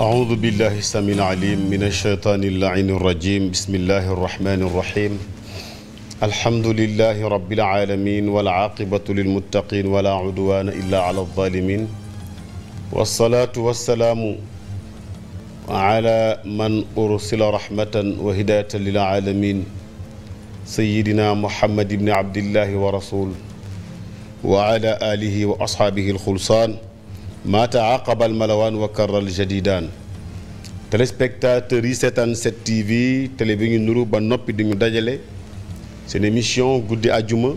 أعوذ بالله السميع العليم من الشيطان اللعين الرجيم بسم الله الرحمن الرحيم الحمد لله رب العالمين والعاقبة للمتقين ولا عدوان إلا على الظالمين والصلاة والسلام على من أرسل رحمة وهداية للعالمين سيدنا محمد بن عبد الله ورسوله وعلى آله وأصحابه الخلصان maa taaqaba almalawaan wa karral jadidaan téléspectateurs yi seetaan 7TV télé bi ñu nuru ba noppi di ñu dajale seen émission guddi àjjuma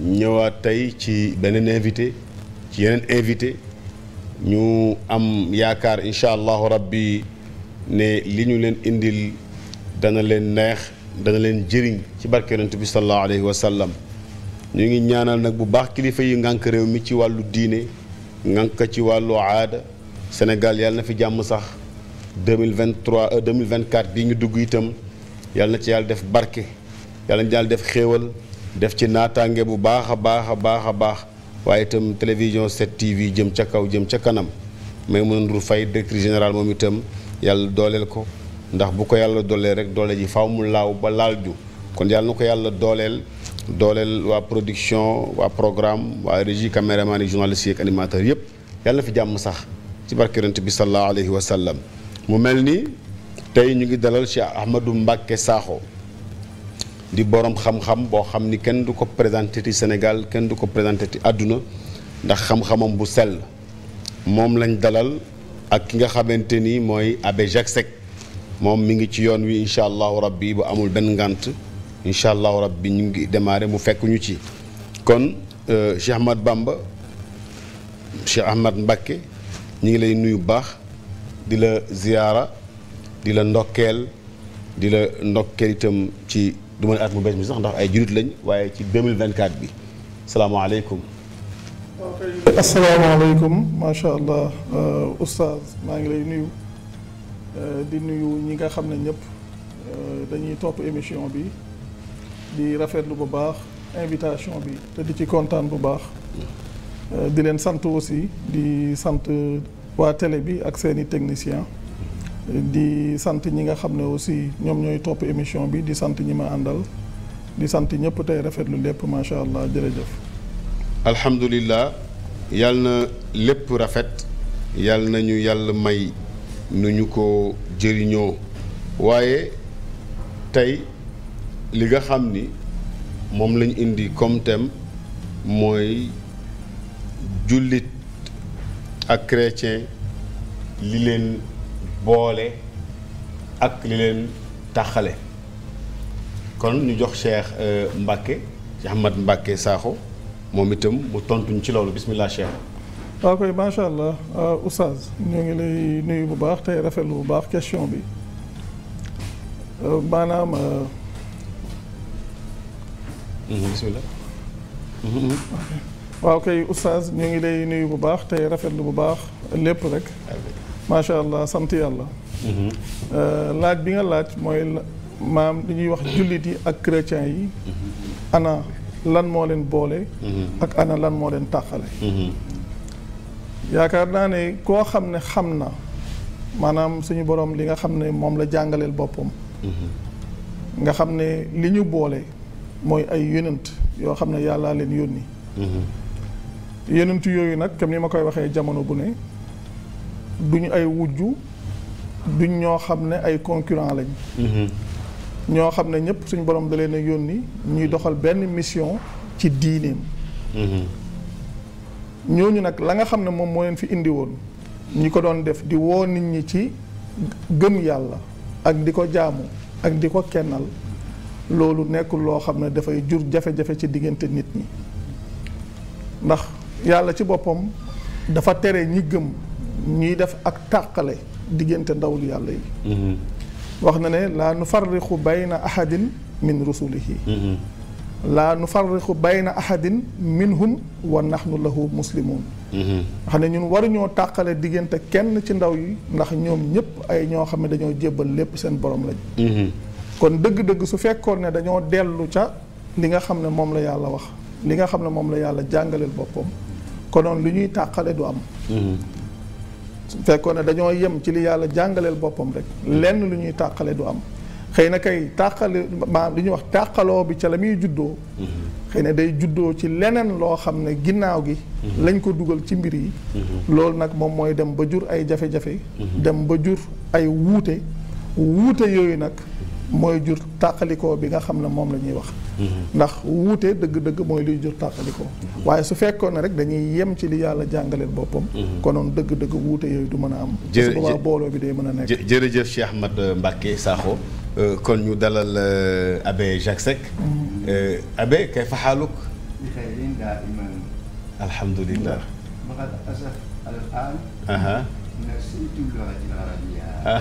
ñëwaat tey ci beneen invité ci yeneen invité ñu am yaakaar incha allahu rabbi ne li ñu leen indil dana leen neex dana leen jëriñ ci barke yonent bi sallallahu alayhi wa sallam ñu ngi ñaanal nag bu baax kilifa yi ngànk réew mi ci wàllu diine ŋànk ci wàllu aada Sénégal yàlla na fi jàmm sax mille vingt 2024 euh, bii ñu dugg itam yàlla na ci yàlla def barke yàlla na ci yàlla def xéewal def ci naataange bu baax a baax a baax a baax waaye itam télévision 7 TV jëm ca kaw jëm ca kanam Maïmouna Ndour fay directrice général moom itam yàlla dooleel ko ndax bu ko yàlla dooleel rek doole ji faw mu laaw ba laal ju kon yàlla na ko yàlla dooleel dooleel waa production waa programme waa régie caméraman yi journaliste yi ak yëpp yàlla fi jàmm sax ci barke bi sallallahu alayhi wa sallam mu mel ni tey ñu ngi dalal Cheikh Ahmadou Mbacké Sakho di borom xam-xam boo xam ni kenn du ko présenté ti Sénégal kenn du ko présenté ci àdduna ndax xam-xamam bu sell moom lañ dalal ak ki nga xamante ni mooy Abbé Jacques Seck moom mi ngi ci yoon wi incha allahu rabbi bu amul benn ngant incha allahu bi ñu ngi démarré mu fekk ñu ci kon euh, Cheikh Ahmad Bamba Cheikh Ahmad Mbacké ñu ngi lay nuyu baax di la ziyaara di la ndokkeel di la ndokkeel itam ci du ma at mu bees mi sax ndax ay jurit lañ waaye ci 2024 bi salaamaaleykum. waaw kay macha allah euh, oustaz maa ngi lay nuyu euh, di nuyu ñi nga xam ne ñëpp dañuy topp émission bi. di rafetlu bu baax invitation bi te di ci kontaan bu baax euh, di leen sant aussi di sant waa télé bi ak seeni technicien di sant ñi nga xam ne aussi ñoom ñooy topp émission bi di sant ñi ma àndal di sant ñëpp tey rafetlu lépp macha allah jërëjëf. alhamdulilah yal na lépp rafet yal nañu yàlla may nu ñu ko jëriñoo waaye tey li nga xam ni moom lañu indi comme thème mooy jullit ak chrétien li leen boole ak li leen taxale kon ñu jox Cheikh euh, Mbacke Cheikh Ahmad Mbacke Sakho moom itam mu tontuñ ci loolu bismillah Cheikh. waaw koy macha allah euh, oustaz ñoo ngi lay nuyu bu baax tey rafetlu bu baax question bi euh, maanaam. Mm-hmm. bisimilah. Mm-hmm. waaw kay oustaz ñu ngi lay nuyu bu baax tey lu bu baax lépp rek. macha allah sant yàlla. Mm-hmm. Euh, laaj bi nga laaj mooy maam li ñuy wax jullit yi ak chrétien yi. ana lan moo leen boole. ak ana lan moo leen tàqale. yaakaar naa ne koo xam ne xam na maanaam suñu borom li nga xam ne moom la jàngaleel boppam. nga xam ne li ñu boole. mooy ay yonent yoo xam ne yàllaa leen yónni mm-hmm. yonent yooyu nag comme ni ma koy waxee jamono bu ne duñ ay wujju du ñoo xam ne ay concurrent lañ mm-hmm. ñoo xam ne ñëpp suñ borom da ne a yónni ñuy doxal benn mission ci diineem mm-hmm. ñooñu nag la nga xam ne moom moo leen fi indi woon ñi ko doon def di woo nit ñi ci gëm yàlla ak di ko jaamu ak di ko kennal loolu nekkul loo xam ne dafay jur jafe-jafe ci diggante nit ñi ndax yàlla ci boppam dafa tere ñi gëm ñuy def ak tàqale diggante ndaw ndawul yàlla yi mm-hmm. wax na ne laa nu farriqu bayna ahadin min rusulihi mm-hmm. laa nu farriqu bayna ahadin minhum wa nahnu lahu muslimun xam mm-hmm. ne ñun waruñoo tàqale diggante kenn ci ndaw yi ndax ñoom ñëpp ay ñoo xam ne dañoo jébbal lépp seen borom lañ kon dëgg-dëgg su fekkoon ne dañoo dellu ca li nga xam ne moom la yàlla wax li nga xam ne moom la yàlla jàngaleel boppam konoon lu ñuy tàqale du am mm-hmm. fekkoon ne dañoo yem ci li yàlla jàngaleel boppam rek lenn lu ñuy tàqale du am xëy na kay tàqale maanaam li ñuy wax tàqaloo bi ca la muy juddoo mm-hmm. xëy na day juddoo ci leneen loo xam ne ginnaaw gi mm-hmm. lañ ko dugal ci mbir yi loolu nag moom mooy dem ba jur ay jafe-jafe dem ba jur ay wuute wuute yooyu nag mooy jur tàqalikoo bi nga xam ne moom la ñuy wax mm-hmm. ndax wuute dëgg-dëgg mooy luy jur tàqalikoo mm-hmm. waaye su fekkoon ne rek dañuy yem ci li yàlla jàngaleel boppam mm-hmm. konoon dëgg-dëgg wuute yooyu du mën a am parce que booloo bi day mën a nekk jërëjëf Cheikh Ahmed Mbacké Sakho euh, kon ñu dalal euh, abbé Jacques Seck euh, abbé kay fa alhamdulillah Ah,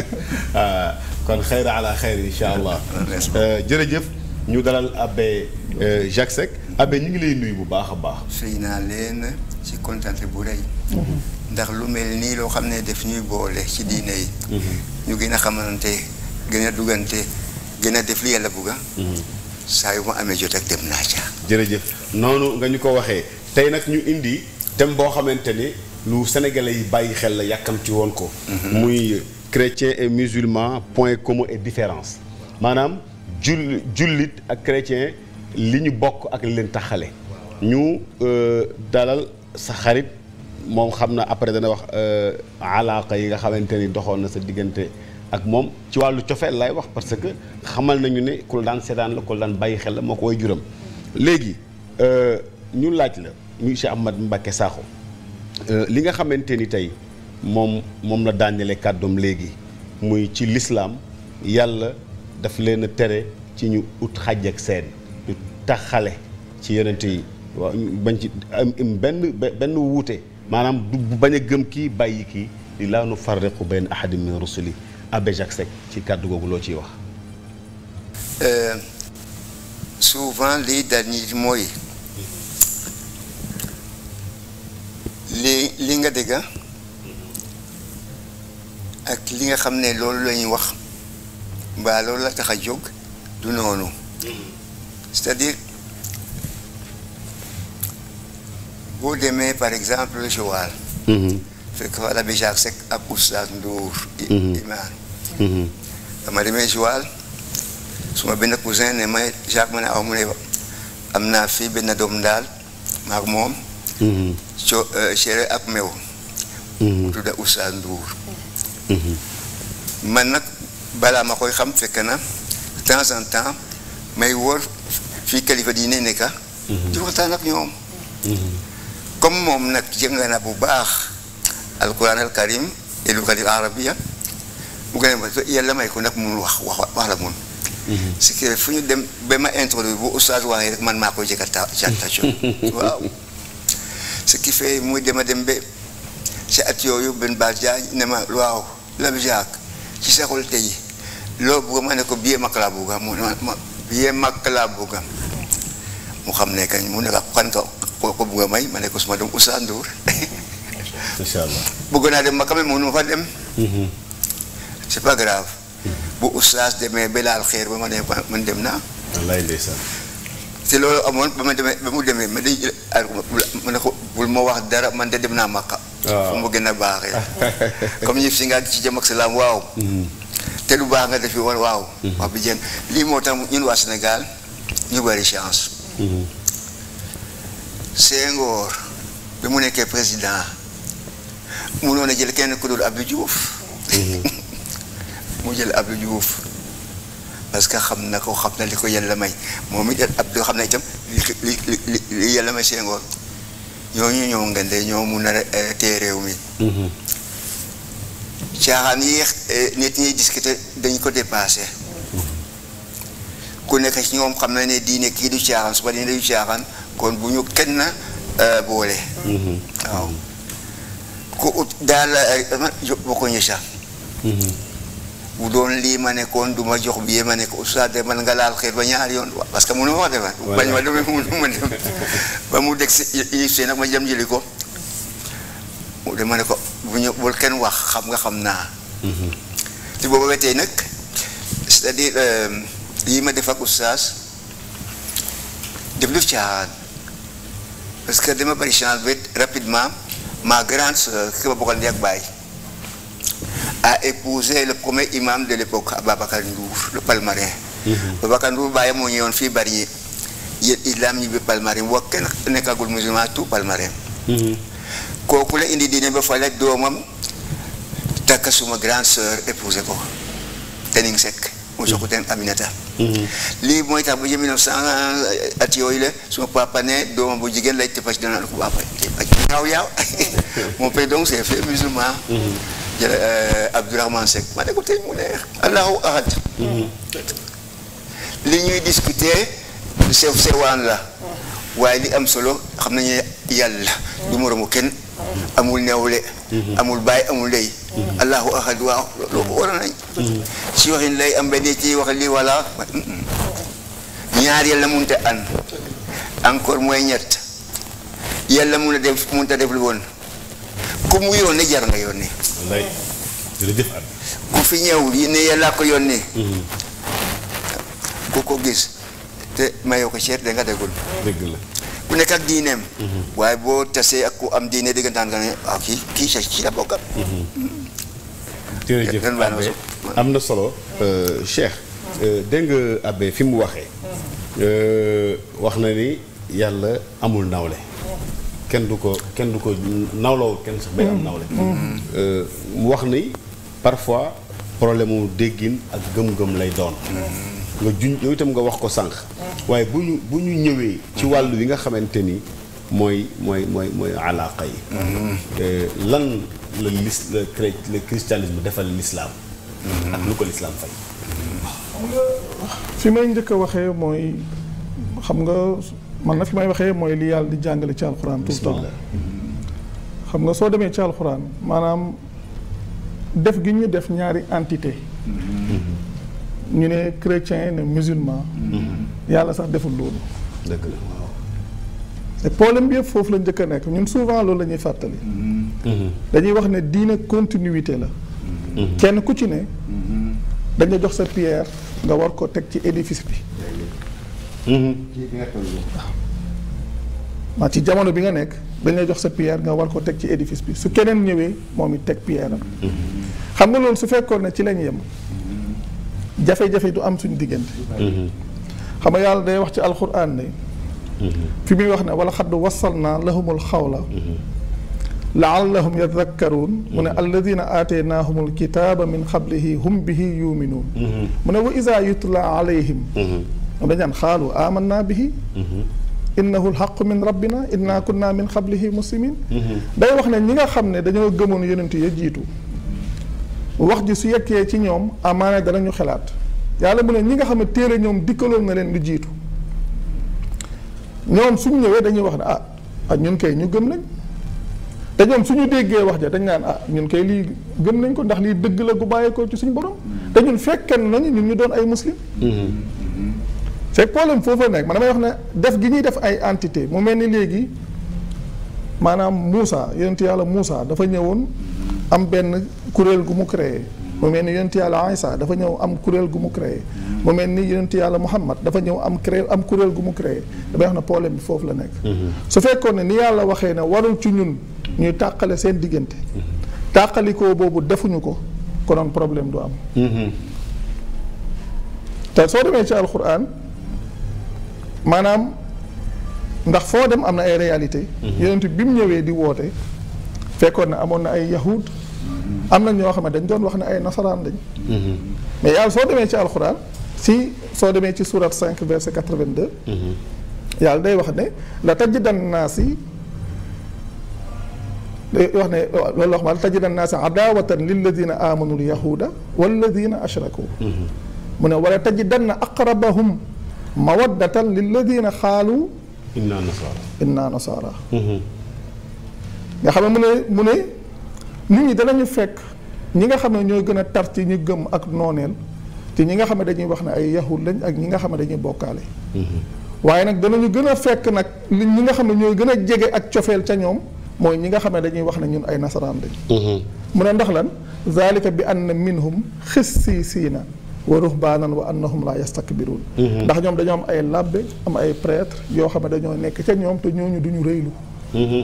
ah, kon xayra ala xayri incha allah. Euh, jërëjëf ñu dalal abbé euh, Jacques Seck abbé ñu ngi lay nuyu bu baax a baax. sëy naa leen ci kontaante bu rëy. Mhm. ndax lu mel nii loo xam ne def ñuy boole ci diine yi. Mhm. ñu gën a xamante gën a duggante gën a def li yàlla bugga mhm. saa yu ma amee jot ak dem naa ca. jërëjëf noonu nga ñu ko waxee tey nag ñu indi thème boo xamante ni. lu sénégalais yi bàyyi xel la yàkkamti woon ko. muy chrétien et musulman point comme et différence maanaam jul jullit ak chrétien li ñu bokk ak li leen taxale ñu euh, dalal sa xarit moom xam na après dana wax euh, alaaka yi nga xamante ni doxoon na sa diggante ak moom ci wàllu cofeel lay wax parce que xamal nañu ne ku la daan seetaan la ku la daan bàyyi xel la moo ko way juram léegi euh, ñu laaj la muy Cheikh Ahmad Mbacké Sakho Euh, li nga xamante ni tey moom moom la daanele kàddoom léegi muy ci lislaam yàlla daf leen tere ci ñu ut xaj ak seen ñu taxale ci yonent yi waaw bañ ci am benn benn wuute maanaam du bañ a gëm kii bàyyi kii di laa nu farriqu bayna ahadin min rusuli abbé Jacques ci kàddu googu loo ciy wax euh, souvent lii daal ñi mooy li li nga dégg ah, ak li nga xam ne loolu la ñuy wax mbaa loolu la tax a jóg du noonu c'est-à-dire boo demee par exemple Joal mm-hmm. fekk fa la bi Jacques Seck ak Oustaz Ndour mm-hmm. imaam dama mm-hmm. demee Joal suma benn cousin ne may Jacques ma ah, ne am naa fii benn doom daal maak moom Mm-hmm. so uh, Sere ab mew mm-hmm. tudda Oussa Ndour mm-hmm. man nag balaa ma koy xam fekk na de temps en temps may wóor fii kalifa di ne nekka di waxtaan ak ñoom comme moom nag jënga na bu baax alquran al karim et lugatil arabia mu gën may ko nag mun wax wax wax la mun c'est que fu ñu dem ba ma introduire bu ustaas waxee rek man maa koy jëkka chantation waaw ce qui fait dem a dem ba si at yooyu benn baas jaa ne ma waaw Lam Jacques ci sa tey loo bëgg ma ne ko biyee makk laa bëgg mu ma biyee makk laa bëgg xam ne kañ mu ne ko kan ka ko ko may ma ne ko suma dem Ousseynou Ndour. incha naa dem ma kame mënu ma fa dem. Mm-hmm. c'est pas grave. Mm-hmm. bu Oustaz demee ba laal xeer ba ma ne man dem naa. si loolu amoon ba ma demee ba mu demee ma day jël mu ne ko bul ma wax dara man te dem naa Makka. waaw mu gën a baaxee. comme yëf si nga ci jëm ak salaam waaw. Hmm. te lu baax nga def war waaw. Hmm. wax bi jën lii moo tax ñun waa Sénégal ñu bari chance. Hmm. Senghor bi mu nekkee président munoon a jël kenn ku ab lu Diouf. mu jël Abdou Diouf. parce que xam na ko xam na li ko yàlla may moom it ab doo xam ne itam li li li yàlla may Senghor ñooñu ñoo ngeen ñoo mun a téye réew mi. Mm-hmm. caaxaan yi eh, nit ñi discuter dañ ko dépassé. ku nekk ci ñoom xam na ne diine kii du caaxaan suba diine du caaxaan kon bu ñu kenn eh, boole. Mm-hmm. waaw ku ut daal eh, man bokkuñu sax. Mm-hmm. bu doon lii ma nekkoon du ma jox bi ma nekk oustaz de man nga laal xeer ba ñaari yoon parce que mënu ma dem ma dem ba mu deg si université nag ma jëm ko mu ma ne ko bu ñu bul kenn wax xam nga xam naa mhm. ci booba wetee nag c'est-à-dire euh, ma def ak oustaz def lu caaxaan parce que dama bari chance bi rapidement ma grande ki ma bokkal ndey ak baay a épousé le premier imam de l'époque Ababacar Ndour le palmarin mhm. Ababacar Ndour baayam moo woon fii bari yi islam ñibbi palmarin wax kenn nekkagul musulman tout palmarin mhm. kooku la indi diine ba fale doomam takk suma grande sœur épousé ko Tening Seck mu jox ko mhm. teen Aminata lii mooy tax ba jëm 1900 euh, at yooyu la suma papa ne doomam bu jigéen lay tëppac dana ko papa yaaw yaaw mon père donc c'est musulman Euh, Abdourahmane Seck ma ne ko tey mu leer allahu ahad mhm. li ñuy discuter sew sewaan la waaye li am solo xam nañu yàlla du moromu kenn amul newle mhm. amul baay amul lay mhm. allahu ahad waaw loolu war nañ si waxin lay am benn ci wax lii wala ñaar yàlla mënut a an encore mooy ñett yàlla mun a def mënut a def lu woon ku mu yónnee jar nga yónnee wallaay jërëjëf at ku fi ñëw yi ne yàlla ko yónnee. Mhm. ku ko gis te mayoo ko cher da nga déggul. dëgg la ku nekk ak diineem. Mhm. waaye boo tasee ak ku am diine dëggantaan nga ne ah kii kii sa ci la bokkat. Mhm. jërëjëf am na solo. Euh, Cheikh euh, dégg nga fi mu waxee. Euh, wax na ni yàlla amul nawle. kenn du ko kenn du ko nawlawul kenn sax bay am mm-hmm. nawle mm-hmm. Euh, wax ni parfois problème mu déggin ak gëm-gëm lay doon mm-hmm. nga juñ yow itam nga wax ko sànq waaye bu ñu bu ñu ñëwee ci wàll yi nga xamante ni mooy mooy mooy mooy alaaqa yi euh, lan la lis le le christianisme defal l'islam ak fi may njëkk a waxee mooy xam nga man na fi may waxee mooy li yàlla di jàngale ci alxuraan tout le xam nga soo demee ci alxuraan maanaam def gi ñu def ñaari entité ñu ne chrétien ne musulman yàlla sax deful loolu te poolem bi yëpp foofu la njëkk a nekk ñun souvent loolu la ñuy fàttali dañuy wax ne diine continuité la mm-hmm. kenn ku ci ne mm-hmm. dañu jox sa pierre nga war ko teg ci édifice bi ci mm-hmm. bi ci jamono bi nga nekk dañ lay jox sa pierre nga war ko teg ci édifice bi su keneen ñëwee moom it teg pierre am mm-hmm. xam nga loolu su fekkoon ne ci lañ yem jafe-jafe du am suñu diggante mm-hmm. xam nga yàlla day wax ci alxuraan ne fi muy wax ne wala xadd wasal naa lahumul xawla laallahum yadakkaruun mu ne alladina aataynaahumul kitaaba min qablihi hum bihi yuminuun mu ne wa isa yutla alayhim ñoom dañu naan xaalu amanna bihi innahu lxaqu min rabbina inna kunna min qablihi muslimin day wax ne ñi nga xam ne dañoo gëmoon yonent ya jiitu wax ji su yekkee ci ñoom amaana danañu xelaat yàlla mu ne ñi nga xam ne téere ñoom dikkaloon na leen lu jiitu ñoom suñu ñëwee dañuy wax ne ah ah ñun kay ñu gëm nañ te ñoom suñu déggee wax ja dañ naan ah ñun kay lii gëm nañ ko ndax lii dëgg la gu bàyyeekoo ci suñu borom te ñun fekkee ñun ñu doon ay muslim mm-hmm. c'est problème foofu nekk man damay wax na def gi ñuy def ay entité mu mel ni léegi maanaam Moussa yonent yàlla Moussa dafa ñëwoon am benn kuréel gu mu créé mu mel ni yonent yàlla Isa dafa ñëw am kuréel gu mu créé mu mel ni yonent yàlla Muhammad dafa ñëw am créé am kuréel gu mu créé damay wax ne problème bi foofu la nekk mhm. su fekkoon ne ni yàlla waxee ne warul ci ñun ñuy tàqale seen diggante mhm. tàqalikoo boobu defuñu ko konoon problème du am mhm. te soo demee ci alxuraan maanaam ndax foo dem am na ay réalité mhm. yonent bi mu ñëwee di woote fekkoon na amoon na ay yahud am na ñoo xam ne dañ doon wax na ay nasaraan dañ mhm. mais yàlla soo demee ci alxuraan si soo demee ci surat 5 verset 82 mhm. yàlla day wax ne la tajidan naasi day wax ne loolu wax ma la tajidan naasi adawatan lilladina amanu lyahuda walladina ashraku mu ne wala tajidanna aqrabahum mawaddatan lilladina xaalu inna nasaara inna nasaara nga xam ne mu ne mu ne nit ñi danañu fekk ñi nga xam ne ñooy gën a tar ci ñu gëm ak nooneel te ñi nga xam ne dañuy wax ne ay yahud lañ ak ñi nga xam ne dañuy bokkaale mhm. waaye nag danañu gën a fekk nag ñi nga xam ne ñooy gën a jege ak cofeel ca ñoom mooy ñi nga xam ne dañuy wax ne ñun ay nasaraan lañ mhm. mu ne ndax lan zalika bi ann minhum xissiisiina wa ruhbaanan wa annahum la yastakbiruun mhm. ndax ñoom dañoo am ay labbe am ay prêtre yoo xam ne dañoo nekk ca ñoom te ñooñu duñu rëylu mhm.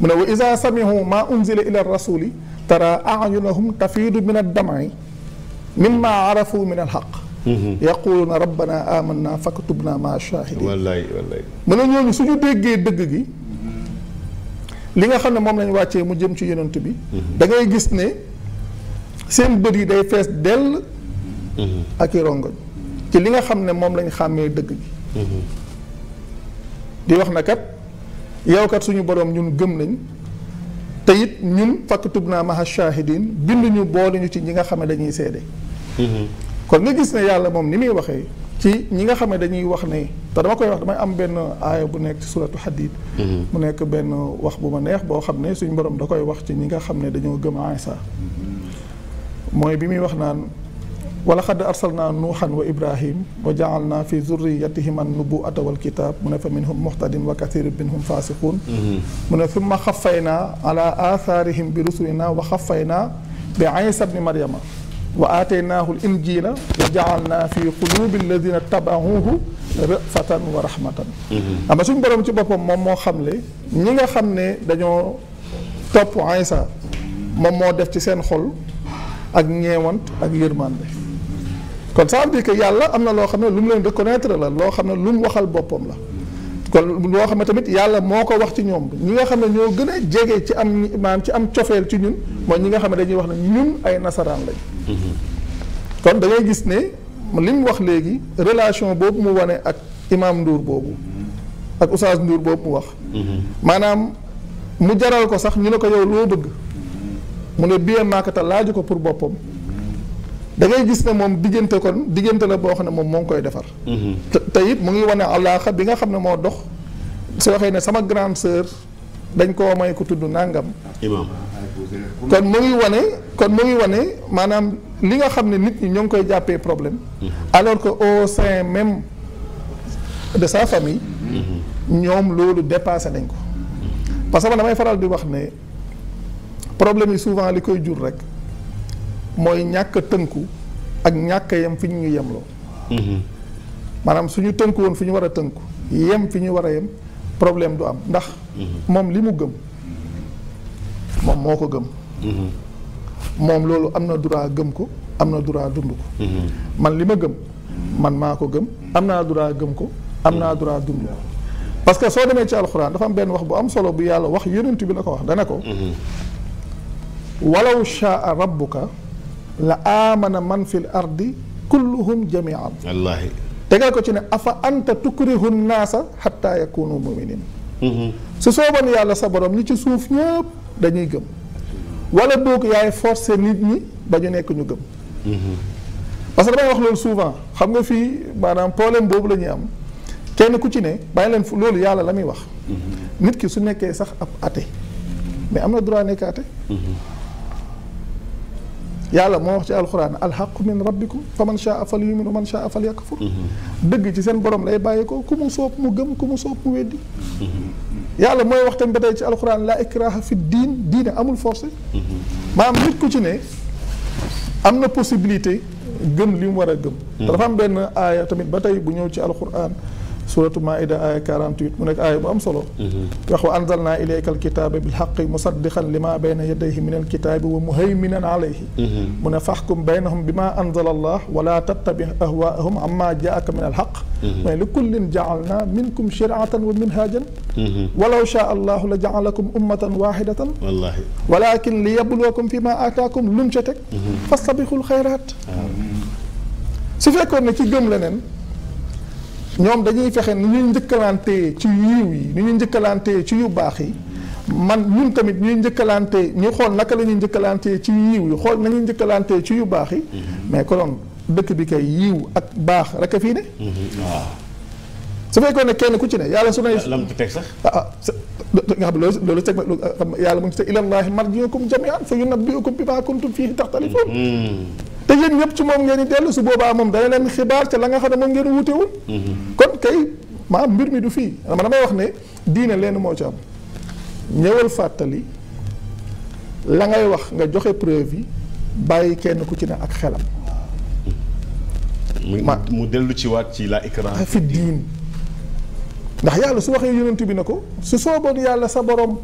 mu ne wa ida samihu maa unzila ila rasuli tara ayunahum tafiidu min addamai min alxaq mhm. yaquluuna rabbana amanna faktubna maa shahidin déggee dëgg gi li nga xam ne moom lañ wàccee mu jëm ci yonent bi da gis ne seen bët yi day fees dell. Mm-hmm. ak i rongoñ ci li nga xam ne moom lañ xàmmee dëgg gi mm-hmm. di wax nakat kat suñu boroom ñun gëm lañ te it ñun faktub naa maha shahidin binduñu boole ñu ci ñi nga xam ne dañuy seede mm-hmm. kon nga gis ne yàlla moom ni muy waxee ci ñi nga xam ne dañuy wax ne te dama koy wax damay am benn aaya bu nekk ci suratu hadid mu nekk benn wax bu ma neex boo xam ne suñu boroom da koy wax ci ñi nga xam ne dañoo gëm Isa mooy bi muy wax naan wala xadd arsalna nuuxan wa ibrahim wa jaalna fi zurriyatihim an nubuata wal kitab mu ne fa minhum muhtadin wa kathiru minhum fasiqun mhm. mu ne summa xafaynaa ala athaarihim bi rusulina wa xafaynaa bi isa bni maryama wa aataynaahu l injila wa jaalna fi qulubi alladina tabahuuhu rafatan wa rahmatan mhm. ama suñ ci boppam moom moo xam le ñi nga xam ne dañoo topp isa moom moo def ci seen xol ak ñeewant ak yërmande kon ça veut dire yàlla am na loo xam ne lu mu leen reconnaître la loo xam ne lu mu waxal boppam la kon loo xam ne tamit yàlla moo ko wax ci ñoom ñi nga xam ne ñoo gën a jege ci am maanaam ci am cofeel ci ñun mooy ñi nga xam ne dañuy wax ne ñun ay nasaraan lañ kon dangay gis ne li mu wax léegi relation boobu mu wane ak imaam Ndour boobu ak Oustaz Ndour boobu mu wax mm-hmm. maanaam mu jaral ko sax ñu ne ko yow loo bëgg mu ne bien maakata laaju ko pour boppam da ngay gis ne moom diggante kon diggante la boo xam ne moom moo ngi koy defar mhm. te it mu ngi wane alaaxa bi nga xam ne moo dox su waxee ne sama grande sœur dañ koo may ku tudd nàngam kon mu ngi wane kon mu ngi wane maanaam li nga xam ne nit ñi ñoo ngi koy jàppee problème mhm. alors que au sein même de sa famille mhm. ñoom loolu dépasé nañ ko parce que man damay faral di wax ne problème yi souvent li koy jur rek mooy ñàkk tënku ak ñàkk a yem fi ñu yem ñu yemloo. Mhm. maanaam suñu tënku woon fi ñu war a tënku yem fi ñu war a yem problème du am ndax. Mhm. moom li mu gëm moom moo ko gëm. Mhm. moom loolu am na droit gëm ko am na droit dund ko. man li ma gëm man maa ko gëm am naa droit gëm ko am naa droit dund ko que soo demee ci alxuraan dafa am benn wax bu am solo bu yàlla wax yonent bi la ko wax dana ko. walaw shaa rabbuka la aamana man fi l ardi kulluhum jamian wallaahi tegal ko ci ne afa anta tukrihu nnaasa xatta yakunu muminin mhm. su sooban yàlla sa borom ñi ci suuf ñëpp dañuy gëm wala boog yaay forcer nit ñi ba ñu nekk ñu gëm mhm. parce que damay wax loolu souvent xam nga fii maanaam problème boobu la ñuy am kenn ku ci ne bàyyi leen fu loolu yàlla la muy wax mhm. nit ki su nekkee sax ab athée mais am na droit nekk athée yàlla moo wax ci alxuraan alxaqu min rabbikum fa man fa fal yumin wa man shaa fal yakfur mm-hmm. dëgg ci seen borom lay bàyyi ko ku mu soob mu gëm ku mu soob mu weddi mm-hmm. yàlla mooy wax tamit ba tey ci alxuraan laa ikraha fi diin diine amul forcé mm-hmm. maam nit ku ci ne am na possibilité gëm li mu war a gëm te dafa am benn aaya tamit ba tey bu ñëw ci alxuraan suratu maida aaya 48 mu nekk aaya bu am solo mm-hmm. wax wa anzalna ilayka alkitaaba bilxaqi musaddiqan li ma bayna yadayhi min alkitaabi wa muhayminan alayhi mm-hmm. mu ne faxkum baynahum bi ma anzala allah wala tattabi ahwaahum amma jaaka min alxaq mais mm-hmm. li kullin jaalna minkum shiratan wa minhajan walaw shaa allahu la jaalakum ummatan waxidatan walakin li yabluwakum fi ma aataakum lum ca teg fastabiqul xayraat su fekkoon ne ci gëm leneen ñoom dañuy fexe nu ñuy njëkkalantee ci yiw yi nu ñuy njëkkalantee ci yu baax yi man ñun tamit ñuy njëkkalantee ñu xool naka lañuy ñuy njëkkalantee ci yiw yi xool nañuy njëkkalantee ci yu baax yi mm-hmm. mais konoon dëkk bi kay yiw ak baax rek a fii ne mm-hmm. su fekkoon ne kenn ku ci ne yàlla su nay lam teg sax ah, ah nga xam loolu loolu teg ah, yàlla mu ngi sa ilallaahi marjiukum jamian fa yunabbiukum bimaa kuntum fiihi taxtalifuun mm-hmm. te yéen ñëpp ci moom ngeen di dellu su boobaa moom dana leen xibaar ca la nga xam ne moom ngeen wutewul mm-hmm. kon kay maanaam mbir mi du fii ma damay wax ne diina leen moo ci am ñëwal fàttali la ngay wax nga joxe preuve yi bàyyi kenn ku ci na ak xelam ma mu dellu ci waat ci la ikra ah, fi diin ndax yàlla su waxee yonent bi na ko su sooboon yàlla sa borom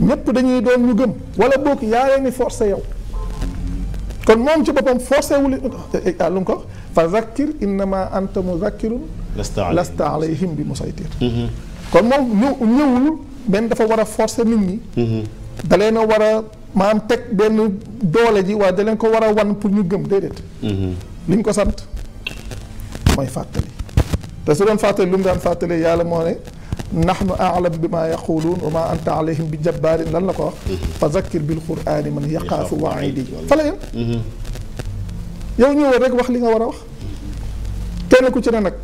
ñëpp dañuy doon ñu gëm wala boog yaa leen ni yow kon moom ci boppam forcé wul lu mu ko fa zakkir innama anta muzakkirun lasta alayhim bi musaytir mm-hmm. kon moom ñëw ñëwul benn dafa war a forcé nit ñi mm-hmm. dalee leen war a maanaam teg benn doole ji waaye da leen ko war a wan pour ñu gëm déedéet mm-hmm. li ñu ko sant mooy fàttali te su doon fàttali lu mu daan fàttali yàlla moo ne nahnu a'lam bi ma yaquluun wa ma anta alayhim bi jabbaarin lan la ko wax fa zakkir bil qur'aani man yaqaafu wa'iidi fa la yem yow ñëwoon rek wax li nga war a wax kenn ku ci ne nag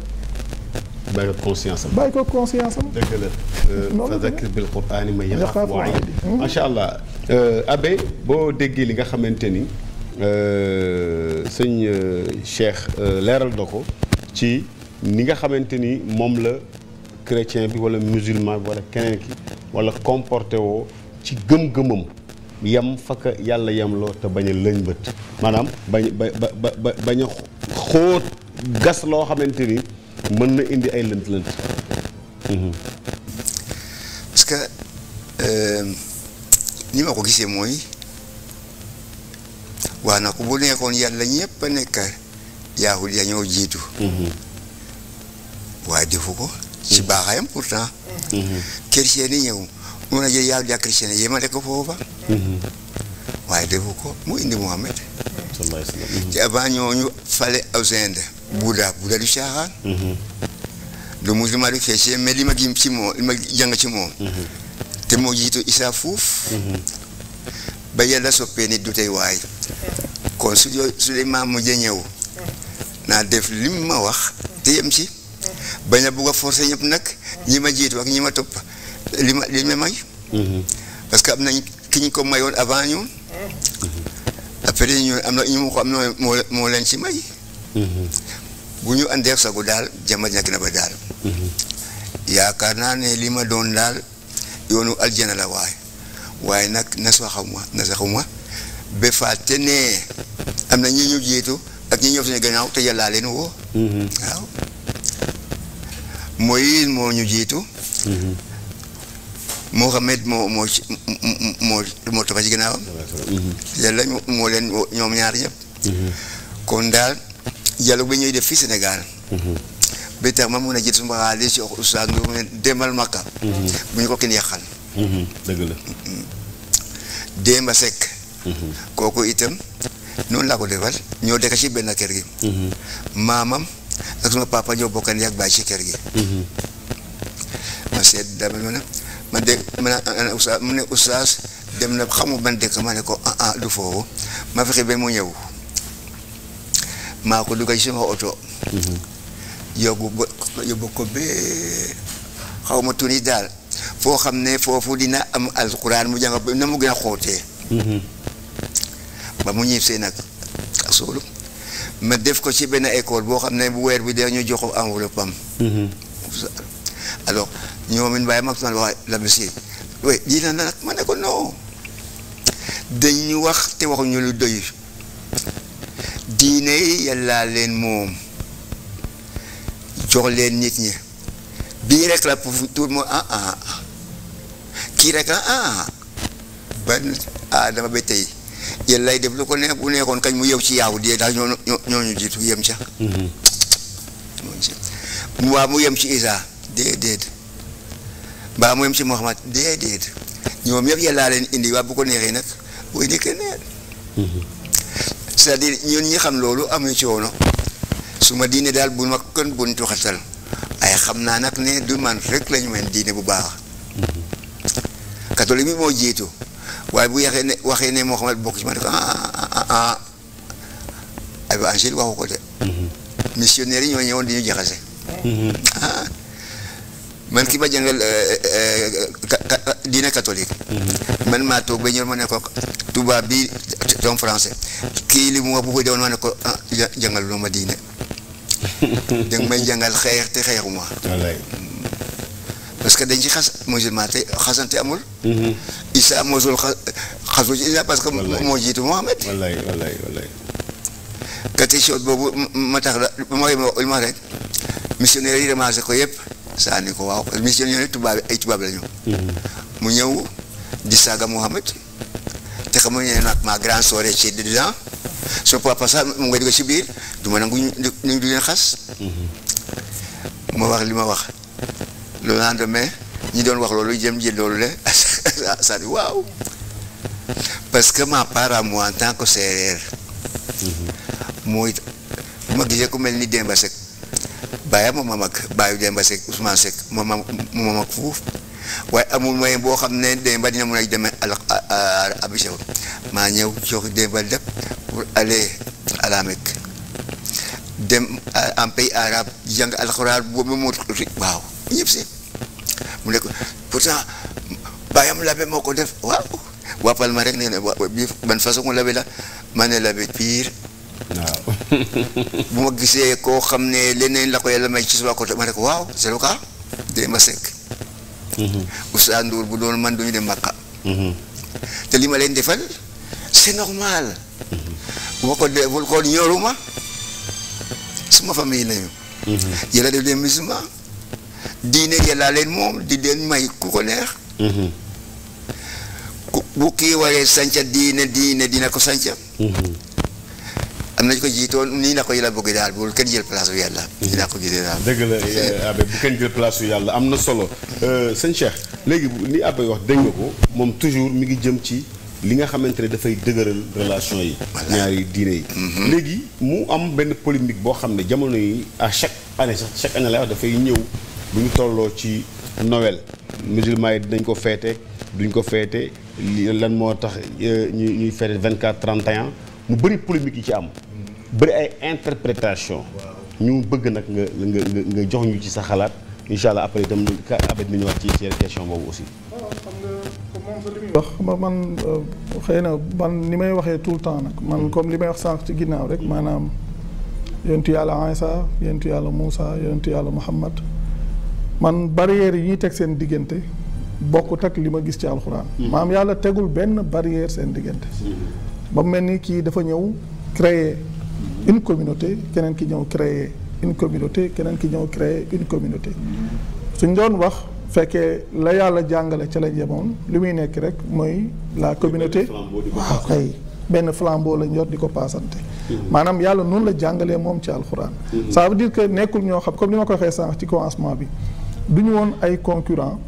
bàyyi ko conscience am bàyyi ko conscience am. dëgg la fa zakir bil qur'aani man yaxaafu wa'iidi hmm. macha allah euh, Abbé boo déggee li nga xamante ni euh, sëñ euh, Cheikh leeral na ko ci ni nga xamante ni moom la. chrétien bi wala musulman bi wala keneen ki wala comporté woo ci gëm-gëmam yem fakka yàlla yem loo te bañ a lëñbët maanaam bañ ba ba bañ a xóot gas loo xamante ni mën na indi ay lënt-lënt. Mhm. parce que euh, ni ma ko gisee mooy waa na ko bu nekkoon yàlla ñëpp a nekk yaahud ya ñoo jiitu. Mhm. waaye defu ko. si baaxaayam pourtant. chrétien yi ñëw mun a jël yàlla ja chrétien yi ma ko foofa. waaye defu ko mu indi Muhammad. te avant ñooñu fale Ausinde. Bouddha Bouddha du caaxaan. du musulman ma gis ci moom li ma jàng ci moom. te moo jiitu Isa fuuf. ba yàlla soppee nit du tey waay. kon su mu jee ñëw. naa def lim ma wax te yem ci. bañ a bugg a forcé ñëpp nag ñi ma jiitu ak ñi ma topp li ma li ma may. Mhm. parce que am nañ ki ñu ko mayoon avant ñun. après ñu am na ñu mu ko am na moo leen ci may. Mhm. bu ñu àndeef sagu daal jàmm nekk na ba daal. Mhm. yaakaar naa ne li ma doon daal yoonu aljana la waaye waaye nag na saxuma na saxuma ba fàtte ne am na ñi ñu jiitu ak ñi ñëw suñu gannaaw te yàllaa leen woo. waaw. Moïse moo ñu jiitu. Mhm. Mohamed moo moo moo moo topp ci ginnaawam. Mhm. yàlla moo leen ñoom ñaar ñëpp. Mhm. kon daal dialogue bi ñuy def fii Sénégal. bi tax ma mun a jiitu suma xaalis yow oustaz Ndour mu ne demal Makka. bu ñu ko kenn yàqal. dëgg la. Mm-hmm. kooku itam noonu laa ko defal ñoo dëkk ci benn kër gi. maamam. ak sama papa ñoo bokkan yàgg bàyyi ci kër gi. Mhm. ma seet dama ma ne ma dégg ma ne oustaz mu ne oustaz dem na xamu ban dëkk ma ne ko ah ah du foofu ma fexe ba mu ñëw maa mhm. ma tuni daal foo xam ne foofu dina am alquran mu jàng mu gën a xootee. Mhm. ba mu ñibbisee nag ak soolu. ma def ko ci benn école boo xam ne bu weer bi dañu jox ko enveloppe am. Mhm. alors ñoom it bàyyi ma ko wax la musique oui ji na nag ma ne ko non dañu wax te waxuñu lu doy diine yi yàlla leen moom jox leen nit ñi bii rek la pour tout le ah, ah, ah. kii rek la ah ban aadama ba tey yéen lay def lu ko neex bu nekkoon kañ mu yew ci yaaw di ndax ñoo ñoo ñu jiitu yem ca. Mm-hmm. waa mu yem ci Isa déedéet mbaa mu yem ci Muhammad déedéet ñoom yëpp yàllaa leen indi waa bu ko neexee nag bu indi keneen. Mm-hmm. c'est-à-dire ñun ñi xam loolu amuñu ci woon su ma diine daal bu ma kon buntu xatal ay xam naa nag ne du man rek lañu mën diine bu baax. Mm-hmm. catholique bi moo jiitu. waaye bu yaxee ne waxee ne moo xamal bokk ci ma def ah ah évangile ah, ah. waxu ko de. Mhm. missionnaire yi ñoo ñëwoon di ñu jaxase. Mhm. Ah. man ki ma jàngal eh, eh, diine catholique. Mhm. man maa toog ba ñor ma ne ko tubaab bi doon français kii li mu wax bu ko doon ma ne ko ah jàngal lu diine. danga may jàngal xeex te xeexuma. parce que dañ ci xas musulman te xasante amul. Mhm. Isa mosul xa xasu ci que. moo jiitu Mohamed. ma tax la mooy missionnaire yi ramassé ko yëpp saa ni ko waaw missionnaire tubaab ay tubaab la mhm. mu ñëw di saaga Mohamed te xamuñu ne nag ma ci biir du ma nangu ñu xas. Mhm. ma wax li ma wax. le lendemain ñi doon wax loolu jëm ji loolu le ça dit waaw parce que ma part à en tant que séeréer mooy ma gisee ku mel ni Demba Seck bàyyi ma ma mag bàyyi Demba Seck Ousmane Seck ma ma waaye amul moyen boo xam ne Demba dina mun a demee à Abidjan maa ñëw jox Demba lépp pour aller à dem en pays arabe jàng alxuraan boobu moo waaw. bu ñëpp si mu nekk pourtant bàyyam labe moo ko def waaw waa rek nee ban façon labe la ma ne labe pire. waaw bu ma gisee koo xam ne leneen la ko yàlla may ci suba côté ma ne ko waaw c'est le cas de ma sekk. Mm-hmm. Oustaz Ndour bu doon man du ñu dem Makka. Mm-hmm. te li ma leen defal c'est normal. Mm-hmm. bu ko deful kon ñoruma suma famille lañu. yàlla def leen musulman. diine yàllaa leen moom di leen may ku ko neex mhm. bu kii waree sanca diine diine dina ko sanca mhm. am nañ ko jiitoon nii na ko yàlla bëgg daal bul kenn jël place yu yàlla nii mhm. na ko jiite daal dëgg la eh, bu kenn jël place yàlla am na solo euh, sëñ léegi li abbé wax dégg ko moom toujours mi ngi jëm ci li nga xamante ne dafay dëgëral relation yi ñaari diine yi léegi mu am benn polémique boo xam ne jamono yi à chaque année sax chaque année lay wax dafay ñëw bu ñu tolloo ci nowel musulman yi dinañ ko feete duñ ko feete li lan moo tax ñu euh, ñuy feete 24 31 mu bëri polémique yi ci am bëri ay interprétation ñu bëgg nag nga nga nga jox ñu ci sa xalaat incha allah après itam abet nañu wax ci seen question boobu aussi. wax ma man euh, xëy na man ni may waxee tout le temps nag man comme li may wax sànq ci ginnaaw rek maanaam yontu yàlla Isa yontu yàlla Moussa yontu yàlla Muhammad man barrières yi ñu teg seen diggante bokkut ak li ma gis ci alxuraan. Hmm. maam yàlla tegul benn barrière seen diggante. Hmm. ba mel ni kii dafa ñëw créer une communauté keneen ki ñëw créer une communauté keneen ki ñëw créer une communauté. Hmm. suñ doon wax fekkee la yàlla jàngale ca lañ yemoon li muy nekk rek mooy la communauté. waaw xëy benn flambeau lañ yor di ko paasante. maanaam yàlla noonu la jàngalee moom ci alxuraan. saa bu dire que nekkul ñoo xam comme ni ma ko waxee sànq ci commencement bi. du ñu woon ay concurrent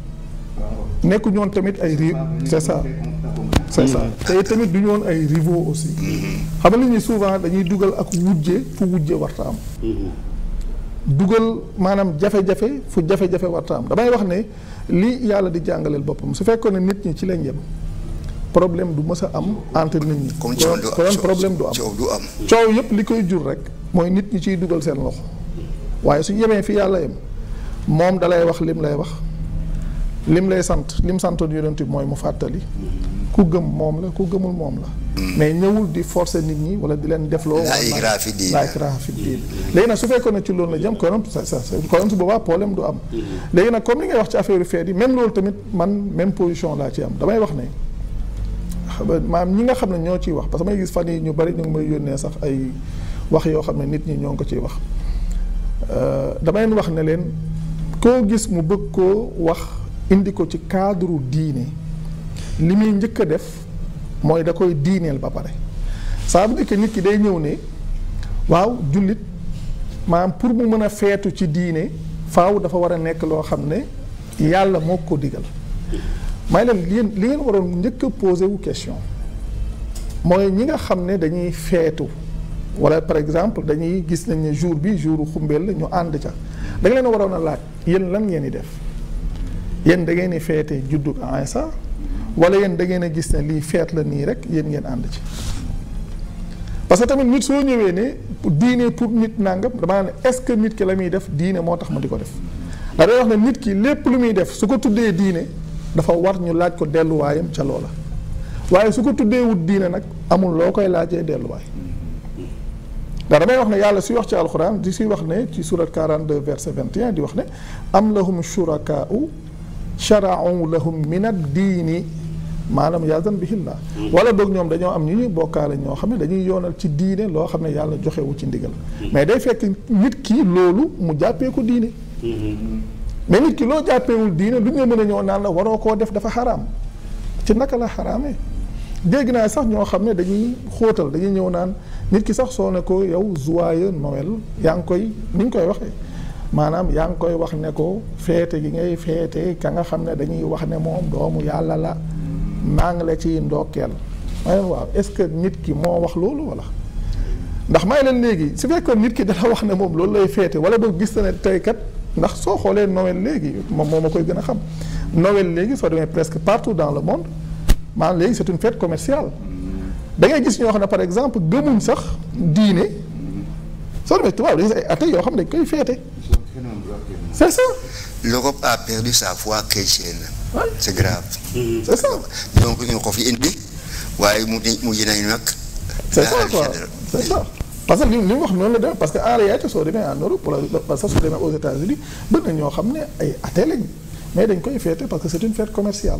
nekku ñoon tamit ay ri c'est ça c'est ça mm-hmm. te tamit du ñu ay rivaux aussi mm-hmm. xam nga ni souvent dañuy dugal ak wujje fu wujje warta am mm-hmm. dugal maanaam jafe-jafe fu jafe-jafe warta am damay wax ne li yàlla di jàngaleel boppam su fekkoon ne nit ñi ci lañ yem problème du mës a am entre nit ñi ko problème du am coow yëpp li koy jur rek mooy nit ñi ciy dugal seen loxo waaye suñu yemee fi yàlla yem moom dalay wax lim lay wax lim lay sant lim santoon yonent bi mooy mu fàttali ku gëm moom la ku gëmul moom la mais ñëwul di forcer nit ñi wala di leen defloo laa ikraaha fi diin léegi nag su fekkoon ne ci loolu la jëm konoon konoon su boobaa problème du am léegi nag comme li ngay wax ci affaire feet yi même loolu tamit man même position laa ci am damay wax ne maam ñi nga xam ne ñoo ciy wax parce que may gis fan yi ñu bari ñu ngi may yónnee sax ay wax yoo xam ne nit ñi ñoo ngi ko ciy wax euh, damay wax ne leen koo gis mu bëgg koo wax indi ko ci cadre diine li muy njëkk a def mooy da koy diineel ba pare ça veut dire nit ki day ñëw ne waaw jullit maanaam pour mu mën a feetu ci diine faaw dafa war a nekk loo xam ne yàlla moo ko digal may leen li li ngeen waroon njëkk a posé wu question mooy ñi nga xam ne dañuy feetu wala par exemple dañuy gis nañ ne jour bi jour xumbeel la ñu ànd ca da nga leen waroon a laaj yéen lan ngeen di def yéen da ngeen di feete juddug Iisaa wala yéen da ngeen a gis ne lii feet la nii rek yéen ngeen ànd ci parce que tamit nit soo ñëwee ne diine pour nit nangam damaa ne est-ce que nit ki la muy def diine moo tax ma di ko def da wax ne nit ki lépp lu muy def su ko tuddee diine dafa war ñu laaj ko delluwaayam ca loola waaye su ko tuddee wut diine nag amul loo koy laajee delluwaay. ndax damay wax na yàlla suy wax ci alxuraan di suy wax ne ci surat 42 verset 21 di wax ne am lahum shurakaau sharaau lahum min ad diini maanaam yazan bihillah wala boog ñoom dañoo am ñu ñuy bokkaale ñoo xam ne dañuy yoonal ci diine loo xam ne yàlla joxewu ci ndigal mais day fekk nit ki loolu mu jàppee ko diine mais nit ki loo jàppeewul diine lu ñu mën a ñëw naan la waroo koo def dafa xaraam ci naka la xaraamee dégg naa sax ñoo xam ne dañuy xóotal dañuy ñëw naan nit ki sax soo ne ko yow joyeux Noël yaa ngi koy ni ñu koy waxee maanaam yaa ngi koy wax ne ko feete gi ngay feete ka nga xam ne dañuy wax ne moom doomu yàlla la maa ngi la ciy ndokkeel may waaw est-ce que nit ki moo wax loolu wala ndax may leen léegi su fekkoon nit ki dala wax ne moom loolu lay feete wala boog gis na ne tey ndax soo xoolee Noël léegi moom moo ma koy gën a xam Noël léegi soo demee presque partout dans le monde maanaam léegi c'est une fête commerciale da ngay gis ñoo xam ne par exemple gëmuñ sax diine soo demee tubaab da ngay gis ay yoo xam ne dañ koy féete. c'est ça. l'Europe a perdu sa foi fi indi waaye mu mu yéene nag. c'est ça quoi c'est ça. ne ay athées lañ mais dañ koy que c'est une fête commerciale.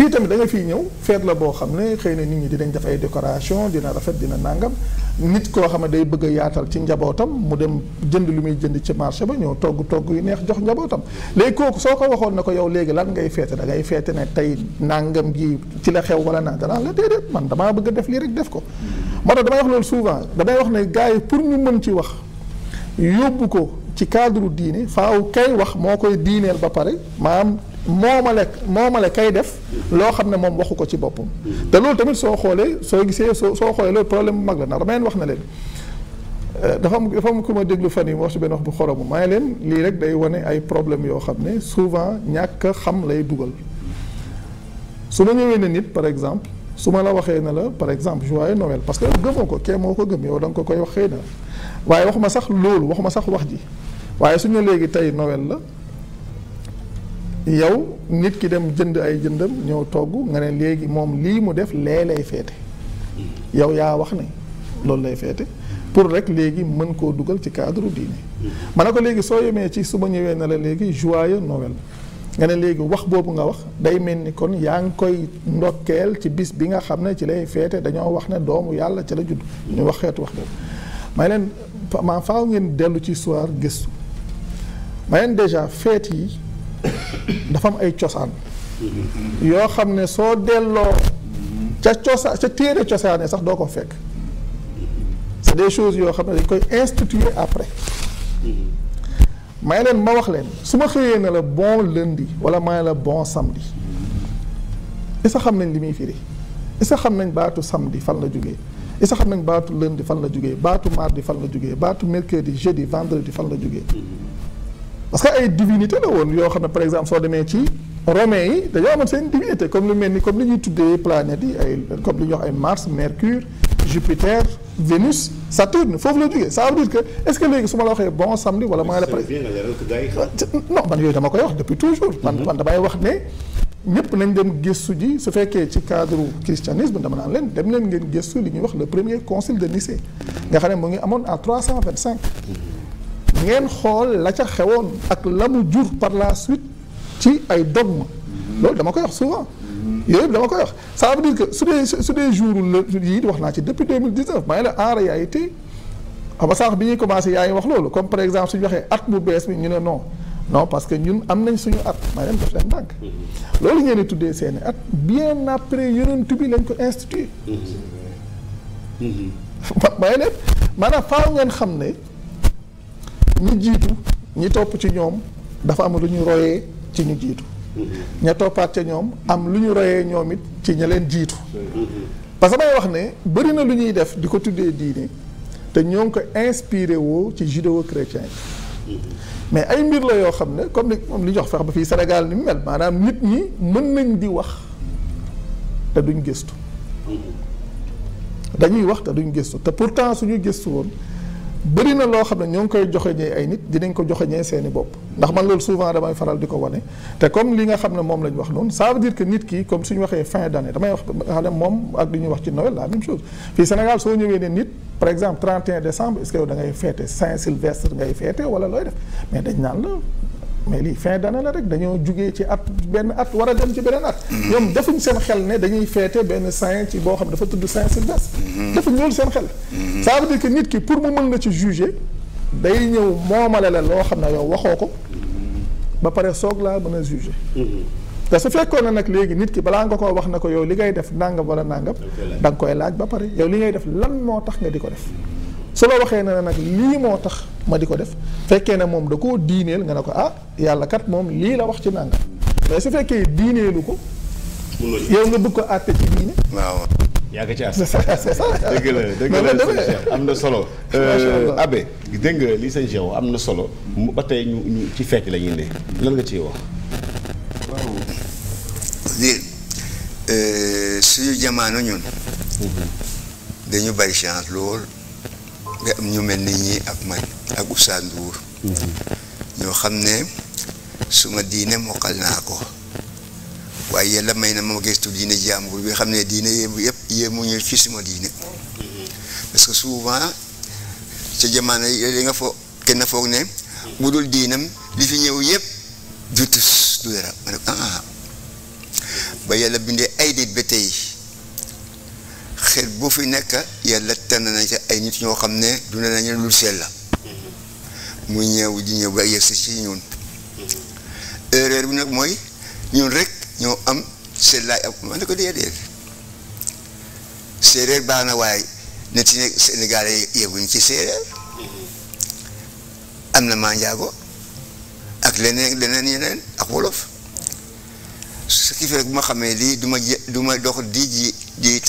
fii tamit da nga fiy ñëw feet la boo xam ne xëy na nit ñi dinañ def ay décoration dina rafet dina nàngam nit koo xam ne day bëgg a yaatal ci njabootam mu dem jënd lu muy jënd ci marché ba ñëw togg togg yu neex jox njabootam léegi kooku soo ko waxoon ne ko yow léegi lan ngay feete da ngay feete ne tey nàngam gi ci la xew wala naa danaa la déedéet man damaa bëgg a def lii rek def ko moo tax damay wax loolu souvent damay wax ne gars yi pour ñu mën ci wax yóbbu ko ci cadre diine faaw kay wax moo koy diineel ba pare maam moom a lekk a moomale kay def loo xam ne moom waxu ko ci boppam te loolu tamit soo xoolee soo gisee soo soo xoolee loolu problème bu mag la ndax dama leen wax na leen dafa am dafa mu ku ma déglu fan yi wax ci benn wax bu xoromu maa ngi leen lii rek day wane ay problème yoo xam ne souvent ñàkk xam lay dugal su ma ñëwee ne nit par exemple su ma la waxee ne la par exemple joyeux nowel parce que gëmoo ko kee moo ko gëm yow da nga koy wax xëy na waaye waxuma sax loolu waxuma sax wax ji waaye suñu léegi tey Noël la yow nit ki dem jënd ay jëndam ñëw togg nga ne léegi moom lii mu def lee lay feete yow yaa wax ne loolu lay feete pour rek léegi mën koo dugal ci cadre diine ma na ko léegi soo yemee ci su ma ñëwee na la léegi joyeux Noël nga ne léegi wax boobu nga wax day mel ni kon yaa ngi koy ndokkeel ci bis bi nga xam ne ci lay feete dañoo wax ne doomu yàlla ci la judd ñu wax xeetu wax boobu may leen ma faaw ngeen dellu ci histoire gëstu may leen déjà feet yi dafa am ay cosaan yoo xam ne soo delloo ca cosaan ca téere cosaane sax doo ko fekk c'est des choses yoo xam ne dañ koy instituer après may leen ma wax leen su ma xëyee ne la bon lundi wala may la bon samedi isa xam nañ li muy firi isa xam nañ baatu samedi fan la jógee isa xam nañ baatu lundi fan la jógee baatu mardi fan la jógee baatu mercredi jeudi vendredi fan la jógee parce que ay divinité la woon yoo xam ne par exemple soo demee ci romains yi dañoo amoon seen divinité comme lu mel ni comme li ñuy tuddee planètes yi ay comme li ñuy wax ay Mars Mercure Jupiter Vénus Saturne foofu la jógee ça veut que est-ce que léegi su ma la waxee bon samedi wala ma la pare euh, non man yooyu dama koy wax depuis toujours man mm-hmm. man damay wax ne ñëpp nañ dem gëstu ji su fekkee ci cadre christianisme dama naan leen dem leen ngeen gëstu li ñuy wax le premier concile de Nicée xam ne mu ngi amoon à 325 ngeen xool la ca xewoon ak la mu jur par la suite ci ay dogme loolu dama koy wax souvent yooyu yëpp dama koy wax ça veut que su dee su dee jour yii wax naa ci depuis 2019 maa ngi la en réalité xam ah nga sànq bi ñuy commencé yaa ngi wax loolu comme par exemple suñu waxee at bu bees bi ñu ne non non parce que ñun am nañ suñu at maa ngi leen def leen ndànk loolu ngeen tuddee seeni at bien après yonent bi lañ ko institué. Mm-hmm. Mm-hmm. maa ngi leen maanaam faaw ngeen xam ne. ñu jiitu ñi topp ci ñoom dafa am lu ñu royee ci ñu jiitu ña toppaat ca ñoom am lu ñu royee ñoom it ci ña leen jiitu parce que may wax ne bëri na lu ñuy def di ko tuddee diine te ñoo ngi ko inspiré woo ci judéo chrétien yi mais ay mbir la yoo xam ne comme ni moom li jox fex ba fii Sénégal ni mu mel maanaam nit ñi mën nañ di wax te duñ gëstu dañuy wax te duñ gëstu te pourtant suñu gëstu woon bëri na loo xam ne ñoo ngi koy joxe joxeñee ay nit dinañ ko joxe joxeñee seeni bopp ndax man loolu souvent damay faral di ko wane te comme li nga xam ne moom la ñu wax noonu sa veut dire que nit ki comme suñu waxee fin d'année damay wax xam ne moom ak li ñuy wax ci Noël la même chose fii Sénégal soo ñëwee ne nit par exemple 31 décembre est-ce yow da ngay feete Saint-Sylvestre ngay feete wala looy def mais dañ naan la mais lii fin d'année la rek dañoo jugee ci at benn at war a dem ci beneen at. ñoom defuñ seen xel ne dañuy feete benn saint ci boo xam dafa tudd saint Sylvestre. Mhm. defuñ loolu seen xel. Mhm. ça veut dire que nit ki pour mu mën la ci juger day ñëw moomale la loo xam ne yow waxoo ko ba pare soog laa mën a juger. Mhm. te su fekkoon ne nag léegi nit ki balaa nga koo wax na ko yow li ngay def nangam wala nangam. da nga koy laaj ba pare yow li ngay def lan moo tax nga di ko def. su la waxee ne nag lii moo tax ma di ko def fekkee ne moom da koo diineel nga ne ko ah yàlla kat moom lii la wax ci nangam mais su fekkee diineelu ko. yow nga bëgg ko àtte ci diine. waaw yaa ngi ci as. la dëgg am na solo. Euh, Abbé dégg nga li sëñ am na solo. mu ba ñu ci fecc la ñuy lan nga ciy wax. waaw. lii euh, suñu jamaano ñun. Mm-hmm. dañu bari chance lool. nga am ñu mel ni ñii ak man ak Oustaz Ndour mm-hmm. ñoo xam ne suma diine mokkal naa ko waaye yàlla may na ma gëstu diine jàmbur bi xam ne diine yépp yëpp yéemuñu ci suma diine mm-hmm. parce souvent ca jamono yi nga foog kenn foog ne bu dul diinam li fi ñëw yëpp du ah. ba yàlla bindee ay nit ba tey xeet bu fi nekk yàlla tànn nañ ci ay nit ñoo xam ne dund nañu lu sell la muy ñëw ji ñëw ba yegg si ci ñun erreur bi nag mooy ñun rek ñoo am sellaay ak man ne ko déedéet séeréer baax na ci séeréer am na manjaago ak leneen leneen yeneen ak wolof ce qui fait bu ma xamee lii du ma je du ma dox di ji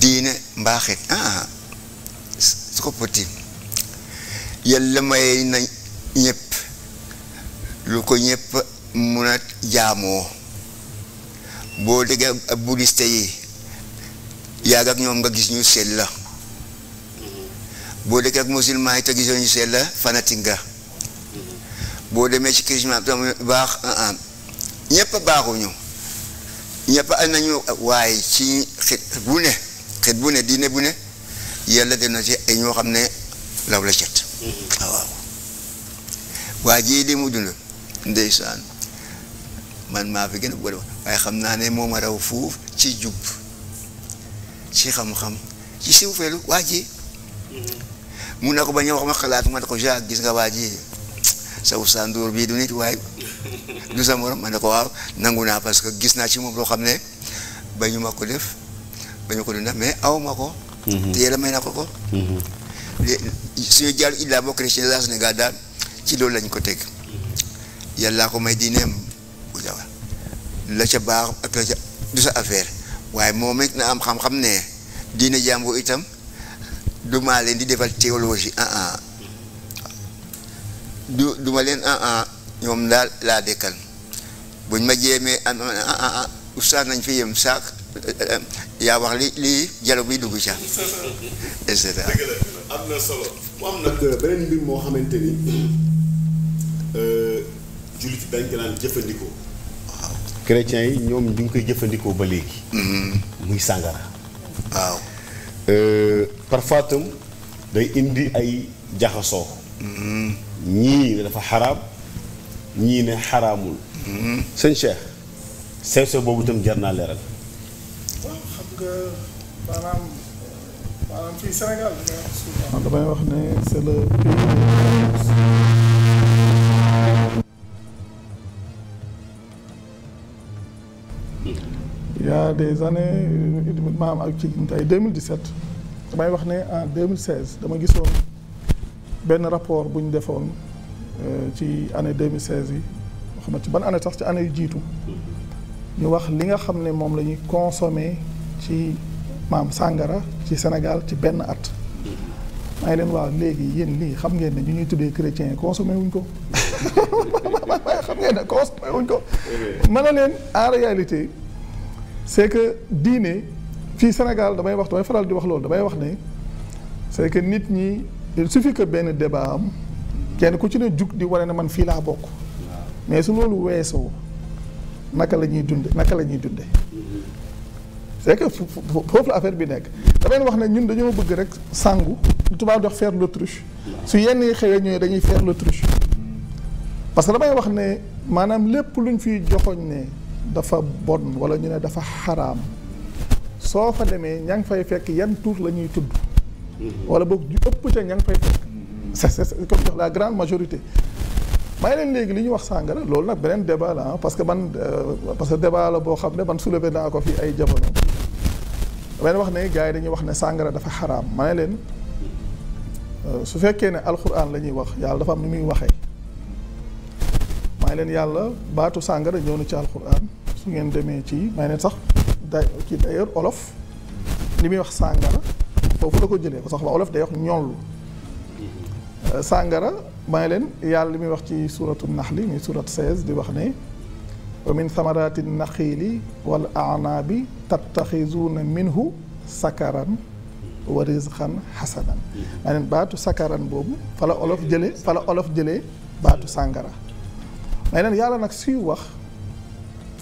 diine mbaaxit ah su ko poti yàlla may na ñëpp lu ko ñëpp mun a jaamoo boo déggee ak bouddhiste yi yàgg ak ñoom nga gis ñu sell la boo dëkkee ak musulman yi te gisoo ñu sell la nga boo demee ci christian tam baax ah, ah baaxuñu ñëpp am nañu waaye ci xeet bu ne xeet bu ne diine bu ne yàlla def na ci ay ñoo xam ne law la cet mm-hmm. ah, waaw waa jii li fi gën a bëgg xam naa ne moom a raw fuuf ci jub ci xam-xam ci siw feelu waa ji mm-hmm. mun na ko ba ñëw wax ma xalaat ma ne ko Jacques gis nga waa ji sa Oustaz Ndour bii du nit waaye du sa morom ma ne ko waaw nangu naa parce que gis naa ci moom loo xam ne ba ñu ma ko def dañu ko doon def mais awma ma ko. Mhm. te yàlla may na ko ko. Mhm. suñu jàll Idda bokk na ci la Sénégal daal ci loolu lañ ko teg yàllaa ko may diineem la ca baax ak la ca du sa affaire waaye moom it na am xam-xam ne diine jàmbur itam du maa leen di defal théologie ah ah du du ma ah, ah. ñoom daal laa dekkal buñ ma jéemee ah ah ah oustaz nañ fi yem saak yaa wax li lii dialogue bi dugg ca et cetera. am na solo mu am nag euh, beneen mbir moo xamante ni euh, jullit dañ ko naan jëfandikoo. waaw yi ñoom ñu koy jëfandikoo ba léegi. Mm-hmm. muy sàngara. waaw. Euh, parfois itam day indi ay jaxasoo. Mm-hmm. ñii ne dafa xaraam ñii ne xaraamul. Mm-hmm. sëñ Cheikh. sew sew boobu itam jar naa leeral. maanaam damay wax ne c'est des années maam ak ci ay 2017 damay wax ne en 2016 dama gisoon benn rapport bu ñu defoon euh, ci année 2016 yi xam ma ci ban anne sax ci année yu jiitu mm-hmm. ñu wax li nga xam ne moom la ñuy consommer. ci maam sàngara ci Sénégal ci benn at may leen waaw léegi yéen lii xam ngeen ne ñu ñuy tuddee chrétien yi consommé wuñ ko xam ngeen ne wuñ ko ma ne leen en réalité c'est que diine fii Sénégal damay wax damay faral di wax loolu damay wax ne c'est que nit ñi il suffit que benn débat am kenn ku ci ne jug di wane ne man fii laa bokk mais su loolu weesoo naka la ñuy dunde naka la ñuy dunde c'est que foofu la affaire bi nekk damay wax ne ñun dañoo bëgg rek sangu lu tubaab dox faire l'autruche su yenn yi xewee ñooy dañuy faire l'autruche parce que damay wax ne maanaam lépp luñ fi joxoñ ne dafa bon wala ñu ne dafa xaraam soo fa demee ña ngi fay fekk yan tuur la ñuy tudd wala boog ju ëpp ca ña ngi fay fekk comme jox la grande majorité may leen léegi li ñu wax sàngara loolu nag beneen débat la ah, parce que man euh, parce que débat la boo xam ne man soulevé naa ko fii ay jamono leen wax ne gars yi dañuy wax ne sàngara dafa xaram ma ne leen euh, su fekkee ne alxuraan la ñuy wax yàlla dafa am ni muy waxee ma ne leen yàlla baatu sàngara ñëw na ci alxuraan su ngeen demee ci ma ne leen sax da ci d'ailleurs olof li muy wax sàngara foofu la ko jëlee ko sax ba olof day wax ñollu euh, sàngara ma ne leen yàlla li muy wax ci suratu naxli muy surat 16 di wax ne wa min thamarati naxiili wal anaabi tattaxizuuna minhu sakaran wa rizqan xasanan maa neen baatu sakaran boobu fa la olof jëlee fa la olof jële baatu sàngara may neen yàlla nag suy wax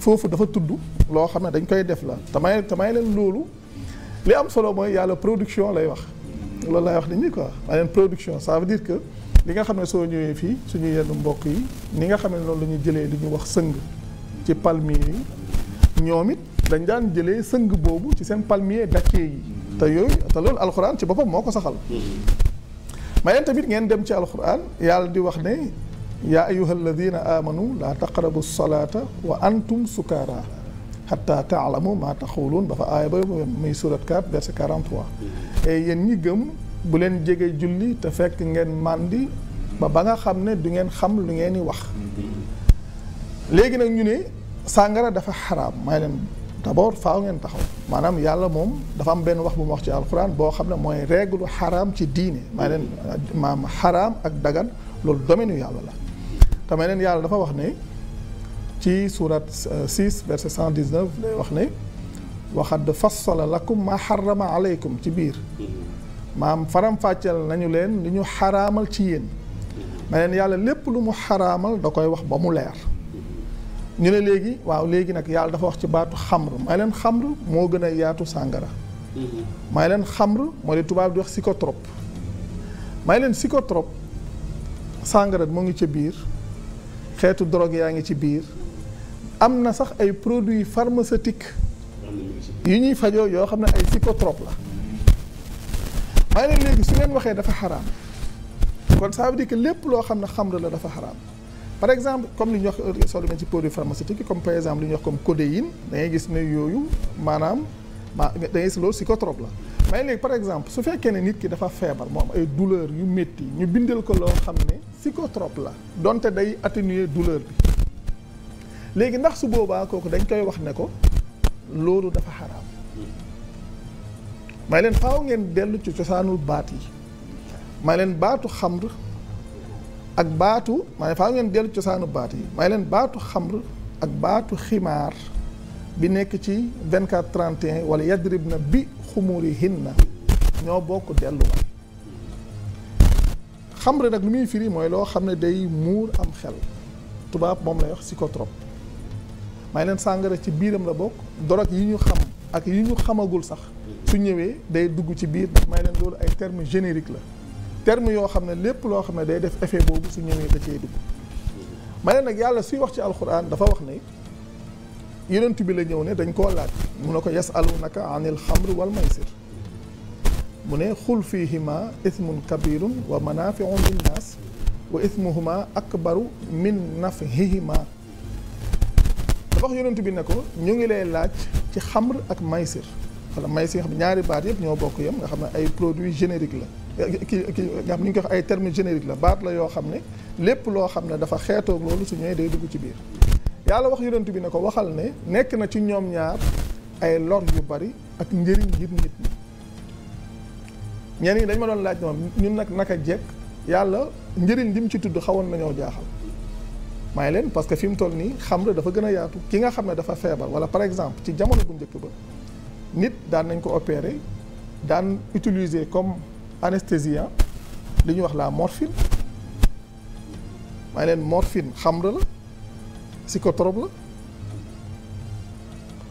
foofu dafa tudd loo xam ne dañ koy def la tamay tamay leen loolu li am solo mooy yàlla production lay wax loolu laay wax nit ñi quoi maa leen production ça veut dire que li nga xam ne soo ñëwee fii suñu yenn mbokk yi ni nga xam ne loolu la ñuy jëlee li ñuy wax sëng ci palmier yi ñoom it dañ daan jëlee sëng boobu ci seen palmier dakkee yi te yooyu te loolu alxuraan ci boppam moo ko saxal ma leen tamit ngeen dem ci alxuraan yàlla di wax ne yaa ayuha alladina amanu laa taqrabu salaata wa antum sukaara xatta taalamu maa taxawluun ba fa aaya ba muy surat 4 verset 43 et yéen ñi gëm bu leen jege julli te fekk ngeen màndi ba ba nga xam ne du ngeen xam lu ngeen di wax léegi nag ñu ne sàngara dafa xaraam may leen d'abord faw ngeen taxaw maanaam yàlla moom dafa am benn wax bu mu wax ci alquran boo xam ne mooy règle xaraam ci diine may leen maam xaraam ak dagan loolu domaine yàlla la te may leen yàlla dafa wax ne ci surat 6 euh, verset 119 lay wax ne waxad fassala lakum ma xarama aleykum ci biir maam faram-fàcceel nañu leen li ñu xaraamal ci yéen may leen yàlla lépp lu mu xaraamal da koy wax ba mu leer ñu ne léegi waaw léegi nag yàlla dafa wax ci baatu xamr may leen xamr moo gën a yaatu sàngara mm-hmm. may leen xamr moo di tubaab di wax psychotrope may leen psychotrope sàngara moo ngi ci biir xeetu drogue yaa ngi ci biir am na sax ay produits pharmaceutiques yu ñuy fajoo yoo xam ne ay psychotrope la may leen léegi su leen waxee dafa xaraam kon ça veut dire que lépp loo xam ne xamr la dafa xaraam par exemple comme li ñu wax soo demee ci produit pharmaceutique comme par exemple li ñuy wax comme codéine da gis ne yooyu maanaam maa da ngay gis loolu psychotrope la mais léegi par exemple su fekkee ne nit ki dafa feebar moo am ay douleur yu métti ñu bindal ko loo xam ne psychotrope la donte day atténuer douleur bi léegi ndax su boobaa kooku dañ koy wax ne ko loolu dafa xaraam may leen faaw ngeen dellu ci cosaanul baat yi may leen baatu xamr ak baatu maay faa ngeen dellu cosaanu baat yi may leen baatu xamr ak baatu ximaar bi nekk ci 24 31 wala yadrib na bi xumuri na ñoo bokk delluwaay xamr nag lu muy firi mooy loo xam ne day muur am xel tubaab moom lay wax psychotrope may leen sàngara ci biiram la bokk dorog yi ñu xam ak yi ñu xamagul sax su ñëwee day dugg ci biir ndax may leen loolu ay termes génériques la terme yoo xam ne lépp loo xam ne day def effet boobu su ñëwee da cay dugg ma ne nag yàlla suy wax ci alxuraan dafa wax ne yonent bi la ñëw ne dañ koo laaj mu ne ko yasalunaka anil xamr wal maysir mu ne xul fihima ismun kabirun wa manafiun linnaas wa ismuhuma akbaru min nafihima dafa wax yonent bi ne ko ñu ngi lay laaj ci xamr ak maysir wala maysir ñaari baat yëpp ñoo bokk yam nga xam ne ay produit génériques la ki kii nga xam ñu koy ay termes génériques la baat la yoo xam ne lépp loo xam ne dafa xeetoog loolu su ñëwee day dugg ci biir yàlla wax yonent bi ne ko waxal ne nekk na ci ñoom ñaar ay lor yu bari ak njëriñ ngir nit ñi dañ ma doon laaj moom ñun nag naka jekk yàlla njëriñ li mu ci tudd xawoon nañoo jaaxal may leen parce que fi mu toll nii xam xamra dafa gën a yaatu ki nga xam ne dafa feebar wala par exemple ci jamono bu njëkk ba nit daan nañ ko opérer daan utiliser comme anesthésiant li ñuy wax la morphine maa leen morphine xamra la psychotrope la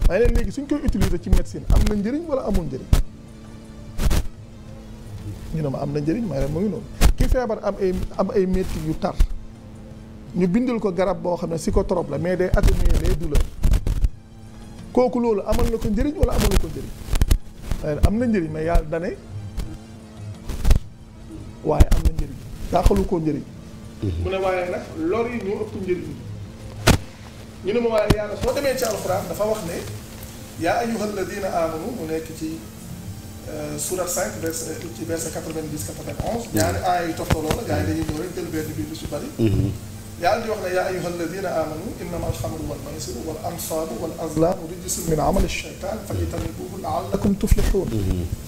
maa leen léegi suñ koy utiliser ci médecine am na njëriñ wala amul njëriñ ñu ne ma am na njëriñ maa leen mu ngi noonu ki feebar am ay am ay métti yu tar ñu bindal ko garab boo xam ne psychotrope la mais day atténuer les douleurs kooku loolu amal na ko njëriñ wala am na ko njëriñ maa leen am na njëriñ mais yàlla dane waaye am na njëriñ daaxalu koo njëriñ. Mm-hmm. mu ne waaye nag lor yi ñoo ëpp njëriñ ñu ne ma waaye yàlla soo demee ci alxuraan dafa wax ne yaa ayyuhal ladina amanu mu nekk ci euh, surat 5 verset ci verset 90 91 mm-hmm. ñaari aaya yu toftaloo la gars yi dañuy ñëw rek jël benn bi lu si bëri mm-hmm. yàlla di wax ne yaa ayyuhal ladina amanu innama alxamru wal maysiru wal ansaabu wal azlaamu rijsun min amali shaytaan fajtanibuuhu laallakum tuflixuun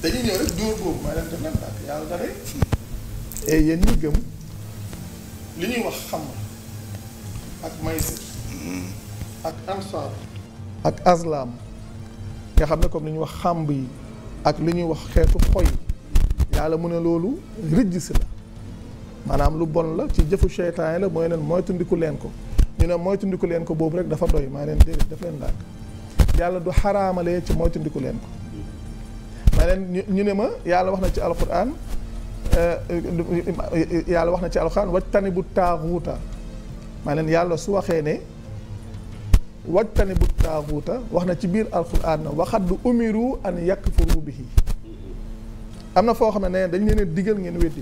dañuy ñëw rek dóor boobu maa leen def nag yàlla da et yéen gëm li ñuy wax xam ak maysir ak ansaar ak azlam nga xam ne comme li ñuy wax xàmb yi ak li ñuy wax xeetu xoy yàlla mu ne loolu rijjis la maanaam lu bon la ci jëfu seytaan la mooy leen moytandiku leen ko ñu ne moytandiku leen ko boobu rek dafa doy maa leen déedéet daf leen ndànk yàlla du xaraamalee ci moytandiku leen ko maa leen ñu ne ma yàlla wax na ci alquran Euh, euh, euh, yàlla wax na ci alxuraan wajtani bu taaxuuta maanaam yàlla su waxee ne wajtani bu taaxuuta wax na ci biir alxuraan na waxat du umiru an yakfuru bihi am na foo xam ne nee dañ leen a digal ngeen weddi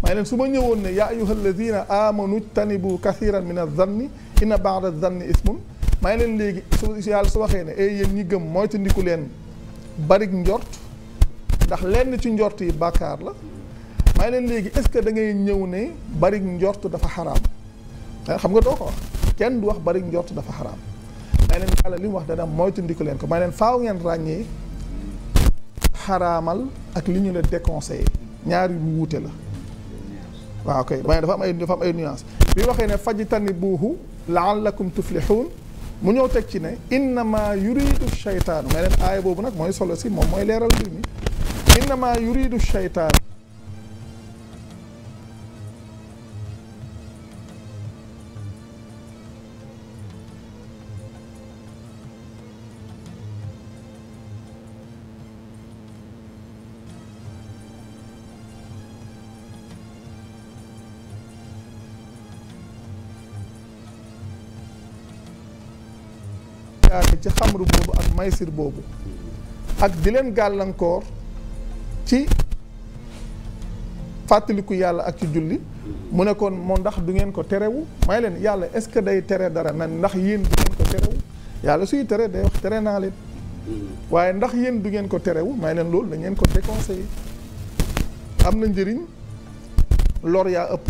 ko may su ma ñëwoon ne yaa ayuha alladina amanu tanibu kathiran min azanni inna baada zanni ismun may leen léegi su yàlla su waxee ne ay yéen ñi gëm ndiku leen barik njort ndax lenn ci njort yi bàkkaar la may leen léegi est-ce que da ngay ñëw ne bari njort dafa xaram eh, xam nga doo ko wax kenn du wax bari njort dafa xaraam may leen yàlla li mu wax dana moytandiku leen ko may leen faaw ngeen ràññee xaraamal ak li ñu la déconseillé ñaari wuute la waaw kay may dafa ay dafa ay nuance bi waxee ne fajtani buuhu laallakum tuflixuun mu ñëw teg ci ne innama yuridu shaytaanu may leen aaya boobu nag mooy solo si moom mooy leeral mbir mi innama yuridu shaytaan ci xamru boobu ak maysir boobu ak di gàllankoor ci fàttaliku yàlla ak ci julli mu nekkoon kon ndax du ngeen ko terewu may leen yàlla est-ce que day tere dara na ndax yéen du ngeen ko terewu yàlla suy tere day wax tere naa leen waaye ndax yéen du ngeen ko terewu may leen loolu dañ leen ko déconseillé am na njëriñ lor yaa ëpp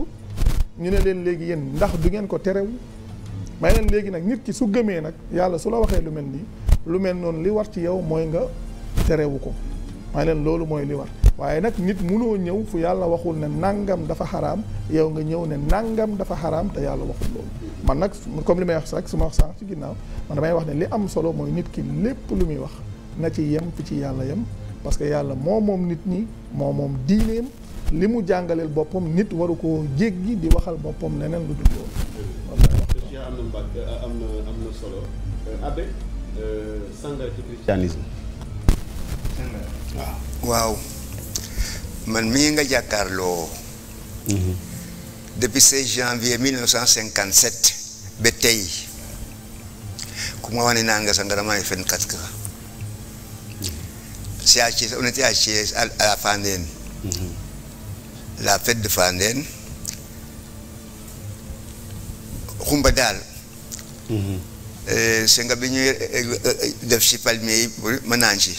ñu ne leen léegi yéen ndax du ngeen ko terewu may leen léegi nag nit ki su gëmee nag yàlla su la waxee lu mel nii lu mel noonu li war ci yow mooy nga terewu ko ma loolu mooy li waaye nag nit munoo ñëw fu yàlla waxul ne nangam dafa xaraam yow nga ñëw ne nangam dafa xaraam te yàlla waxul loolu man nag comme li may wax rek su ma wax ginnaaw man damay wax ne li am solo mooy nit ki lépp lu muy wax na ci yem fi ci yàlla yem parce que yàlla moo moom nit ñi moo moom diineem li mu jàngaleel boppam nit waru koo jéggi di waxal boppam leneen lu dul loolu am na mbàkk waaw man mii nga jàkkaarloo. Mhm. depuis 16 janvier 1957 ba tey ku ma wane naan nga Sangharama ay fenkat ka mhm. CHS on était à CHS à la Fandène. Mhm. la fête de Fandène. xumba daal. Euh, sëñ bi ñuy euh, euh, def si palmier ma naan si.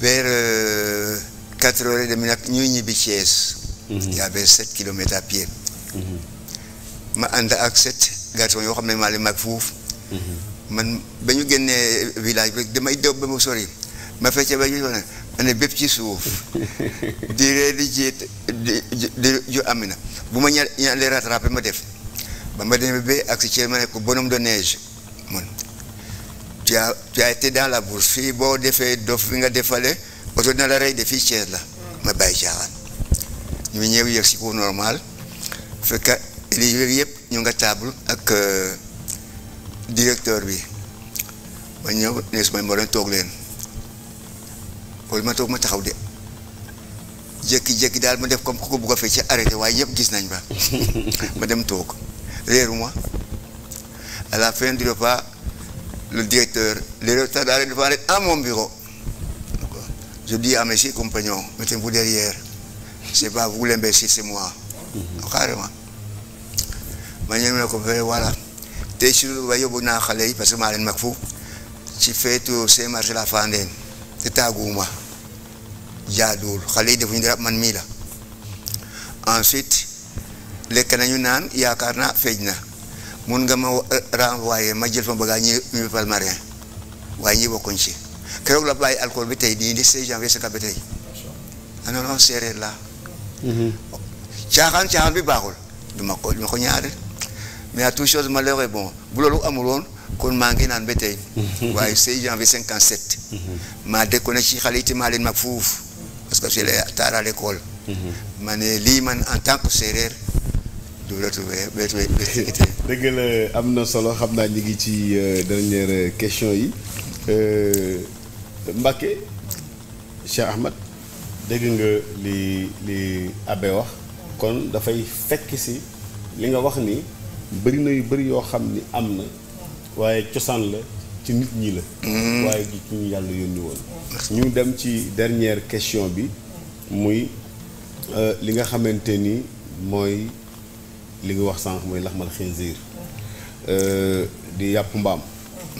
vers euh, quatre heures et demie nag ñuy ñibbi Thiès. Mhm. il y avait sept à pied. Mhm. ma ànd ak set garçons yoo xam ne maa leen mag fuuf. Mhm. man ba ñu génnee village bi damay daw ba mu sori ma fekkee ba ñu ne ne bépp ci suuf di ree di di di ju am na bu ma ña ña leen ma def ba ma demee ba ak si Thiès ma ne ko bonhomme de neige man. tu as tu as dans la bourse fii boo defee dof bi nga defale oto dina la rey de fii Thiès la ma bàyyi caaxaan ñu ñëw yëg si cours normal fekk élèves yëpp ñu nga table ak euh, directeur bi ma ñëw ne su ma moroom toog leen loolu ma toog ma taxaw de jékki-jékki daal ma def comme ku ko bugg a fecc arrêté waaye yëpp gis nañ ba ma dem toog réeru ma à la fin du repas le directeur, les taa vont aller à mon bureau. Je dis à mes chers compagnons, mettez-vous derrière. C'est pas vous l'imbécile, c'est moi. Mhm. Carrément. Manière me comprendre, voilà. T'es sur le voyage bon à Khalei, parce que Marine Macfou, fu fais tout, c'est marcher la fandène. C'est à Gouma. Jadoul. Khalei deviendra man miila Ensuite, les nañu naan y na Karna, na mun nga ma euh, renvoyer ma jël fa bagage ñi ñu palmarin waaye ñi bokkuñ ci keroog la bàyyi alcool bi tey nii di 16 janvier sa kabe tey ah non non la mhm. caaxaan caaxaan bi baaxul du ma ko du ma ko ñaareel mais à toute chose malheureux bon bu loolu amul woon kon maa ngi naan ba tey mhm. waaye 16 janvier 57 mhm. maa déconné ci xale yi maa leen mag fuuf parce que c'est les tard à l'école ma ne lii man en tant que séeréer du retrouver dëgg la am na solo xam naa ñu ngi ci euh, dernière question yi euh, Mbacké Cheikh Ahmed dégg nga li li abbé wax kon dafay fekk si li nga wax ni bëri na yu bëri yoo xam ni am na waaye cosaan la ci nit ñi la mm-hmm. waaye gi ci ñu yàlla yónni woon ñu dem ci dernière question bi muy euh, li nga xamante ni mooy li nga wax sànq mooy laxmal xinziir euh, di yàpp mbaam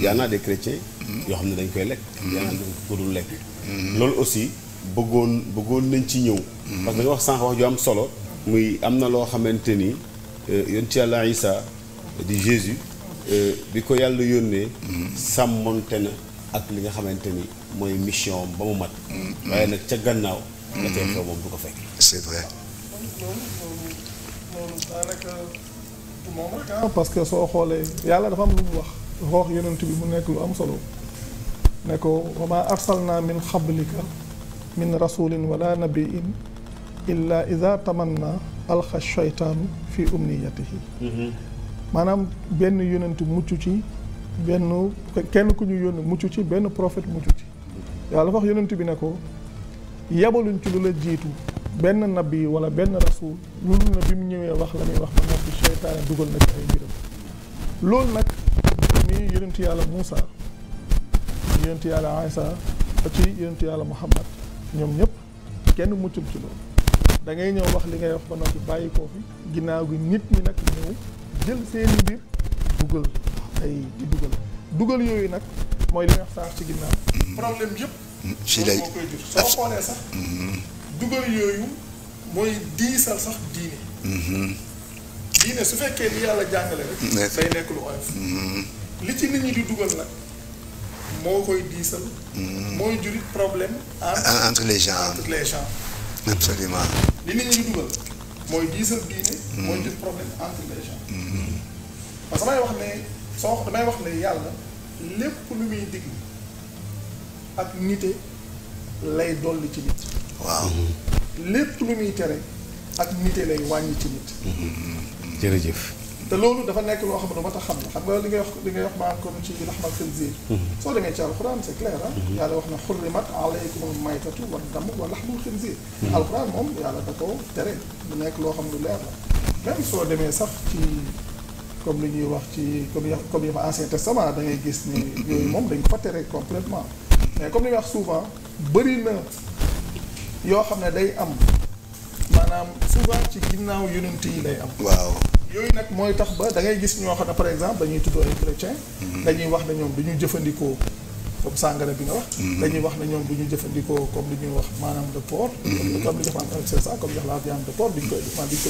yaa naa des chrétiens yoo xam ne dañ koy lekk yaa naa lekk loolu aussi bëggoon bëggoon nañ ci ñëw parce que da nga wax sànq wax ju am solo muy am na loo xamante ni euh, yonent yàlla Isa di Jésus euh, bi ko yàlla yónnee sàmmonte na ak li nga xamante ni mooy mission ba mu mat waaye nag ca gannaaw la cay xew moom du ko fekk loolu ah, parce que soo xoolee yàlla dafa am lu mu wax dafa wax yonent bi mu nekk lu am solo ne ko wama arsalna min xablika min rasulin wala nabiin illa ida tamanna alxa shaytaanu fi umniyatihi mhm. maanaam benn yonent mucc ci benn kenn ku ñu yónni mucc ci benn prophète mucc ci yàlla dafa wax yonent bi ne ko yebaluñ ci lu la jiitu benn nabi wala benn rasul loolu na bi mu ñëwee wax la muy wax ba noppi seytaane dugal na ci ay mbiram loolu nag muy yonentu yàlla Moussa yonentu yàlla Isa ba ci yonentu yàlla Muhammad ñoom ñëpp kenn muccul ci loolu da ñëw wax li ngay wax ba noppi bàyyi koo fi ginnaaw gi nit ñi nag ñëw jël seeni mbir dugal ay di dugal dugal yooyu nag mooy li nga wax saar ci ginnaaw dugal yooyu mooy diisal sax diine. Mm-hmm. diine su fekkee li yàlla jàngale rek. day nekk lu oyof. Mm-hmm. li ci nit ñi di dugal nag moo koy diisal. Mm-hmm. mooy jurit problème. entre les gens entre les gens. absolument. li nit ñi di dugal mooy diisal diine. mooy jurit problème entre les gens. parce que damay wax ne soo damay wax ne yàlla lépp lu muy digg ak nite lay dolli ci nit. waaw lépp lu muy tere ak nite lay wàññi ci nit. jërëjëf. te loolu dafa nekk loo xam ne ma tax xam na xam nga li ngay wax li ngay wax maanaam comme ci laxmal xinziir mhm. soo demee ci alquran c'est clair ah mhm. yàlla wax na xurrimat alaykum al maytatu wa damu wa laxmul xinziir mhm. alquran moom yàlla da ko tere mu nekk loo xam lu leer la même soo demee sax ci comme li ñuy wax ci comme comme yi ma ancien testament da ngay gis ni yooyu moom dañ ko fa tere complètement mais comme li ñuy wax souvent bëri na yoo xam ne day am maanaam souvent ci ginnaaw yonent yi lay am. waaw yooyu nag mooy tax ba da ngay gis ñoo xam ne par exemple dañuy tudd ay chrétien. Mhm. dañuy wax ne ñoom du ñu jëfandikoo comme sàngara bi nga wax. Mhm. dañuy wax ne ñoom du ñu jëfandikoo comme li ñuy wax maanaam de porc. Mhm. comme li nga xam ne c'est ça comme la viande de koy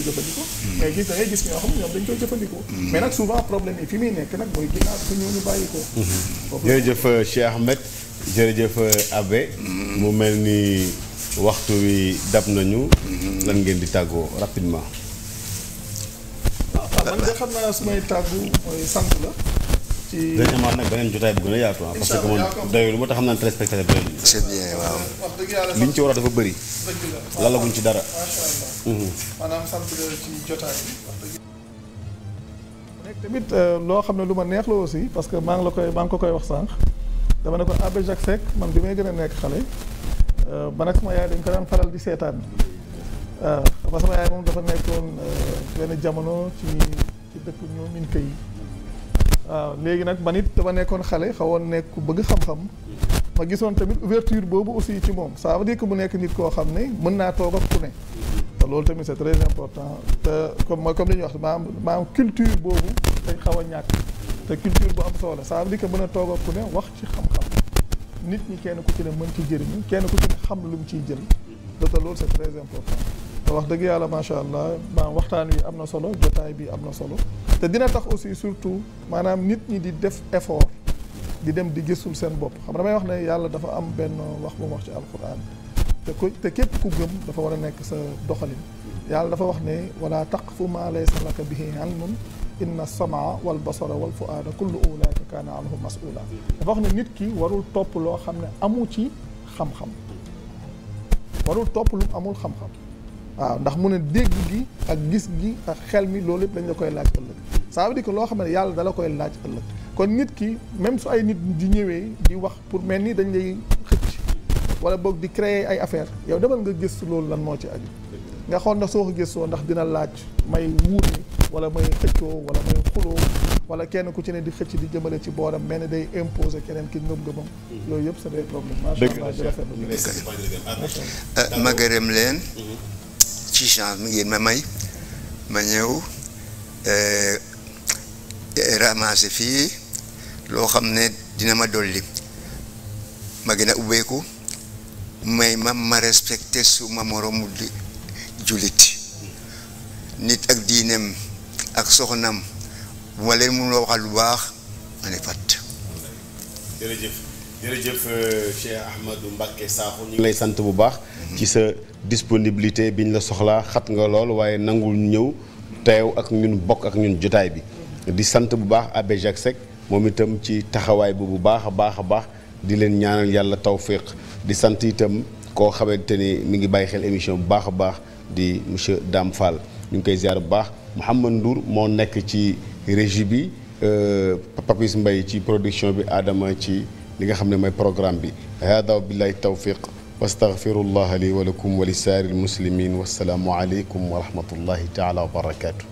jëfandikoo. mais gis da ngay gis ñoo xam ne ñoom dañ koy jëfandikoo. mais nag souvent problème yi fi muy nekk nag mooy ginnaaw bi ñoo ñu bàyyi ko. jërëjëf Cheikh Ahmed jërëjëf Abbé. mu mel ni. waxtu wi dab nañu. Mhm. lan ngeen di tàggoo rapidement. waaw ah, man de xam naa su may tàggu mooy sant la. ci dañu amaat nag beneen jotaay bu gën a yaatu ah. parce que man doyul ba tax xam naa ne téléspectateur doyul. c'est ci war a dafa bëri. lalaguñ ci dara. Mhm. maanaam sant la ci jotaay bi. Euh, loo xam ne lu ma neex la aussi parce que maa ngi la koy maa ngi ko koy wax sànq. dama ne ko Abbé Jacques man bi may gën a nekk xale. man euh, ak sama yaay dañ ko daan faral di seetaan waaw euh, xam sama yaay moom dafa nekkoon euh, benn jamono ci ci dëkk ñoo min kay waaw léegi nag ba nit dafa nekkoon xale xawoon nekk ku bëgg xam-xam ma gisoon tamit ouverture boobu aussi ci moom ça veut dire mu nekk nit koo xam ne mën naa toog ku ne te loolu tamit c'est très important te comme mooy comme li ñuy wax ma am ma culture boobu dañ xaw a ñàkk te culture bu am solo ça veut dire mën a toog ak ku ne wax ci xam-xam nit ñi kenn ku ci ne mën ci jëriñu kenn ku ci ne xam lu mu ciy jël te loolu c'est très important te wax dëgg yàlla macha allah ma waxtaan wi am na solo jotaay bi am na solo te dina tax aussi surtout maanaam nit ñi di def effort di dem di gëstul seen bopp xam damay wax ne yàlla dafa am benn wax bu mu wax ci alquran te ko te képp ku gëm dafa war a nekk sa doxalin yàlla dafa wax ne wala taqfu ma laysa laka bihi ilmun inna samaa wal basara wal fuaada kullu ulaika kaana anhu masula dafa wax ne nit ki warul topp loo xam ne amu ci xam-xam warul topp lu amul xam-xam waaw ndax mu ne dégg gi ak gis gi ak xel mi loolu yëpp dañ la koy laaj ëllëg ça veut dire que loo xam ne yàlla da koy laaj ëllëg kon nit ki même su ay nit di ñëwee di wax pour mel nii dañ lay xëcc wala boog di créer ay affaire yow demal nga gëstu loolu lan moo ci aju nga xool ndax soo ko gëstoo ndax dina laaj may wuute wala may xëccoo wala may xuloo wala kenn ku ci ne di xëcc di jëmale ci booram mel ni day imposer keneen ki ngëm-ngëmam. yooyu yëpp c'est des problèmes. dëgg la macha allah euh, ma gërëm leen. ci chance may. ma ñëw euh, fii loo xam ne dina ma dolli. ma gën a ubbeeku. may ma ma respecté ma moromu jullit. nit ak diineem. ak soxnam bu ma leen mënuloo waxal lu baax ma ne fàtt. jërëjëf jërëjëf euh, Cheikh Ahmadou Mbacké ñu ngi lay sant bu baax. ci sa disponibilité biñ la soxlaa xat nga lool waaye nangul ñëw teew ak ñun bokk ak ñun jotaay bi. di sant bu baax Abbé Jacques Seck moom itam ci taxawaay bi bu baax a baax a baax di leen ñaanal yàlla tawféq di sant itam koo xamante ni mi ngi bàyyi xel émission bu baax a baax di monsieur Dame Fall ñu ngi koy ziar bu baax. Mouhamad Ndour moo nekk ci régie bi euh, Papis Mbaye ci production bi Adama ci li nga xam ne mooy programme bi hada wa billahi tawfiq wastaghfirullah li wa lakum wa li saari almuslimin wassalaamu aleykum wa rahmatullahi taala wa barakatuh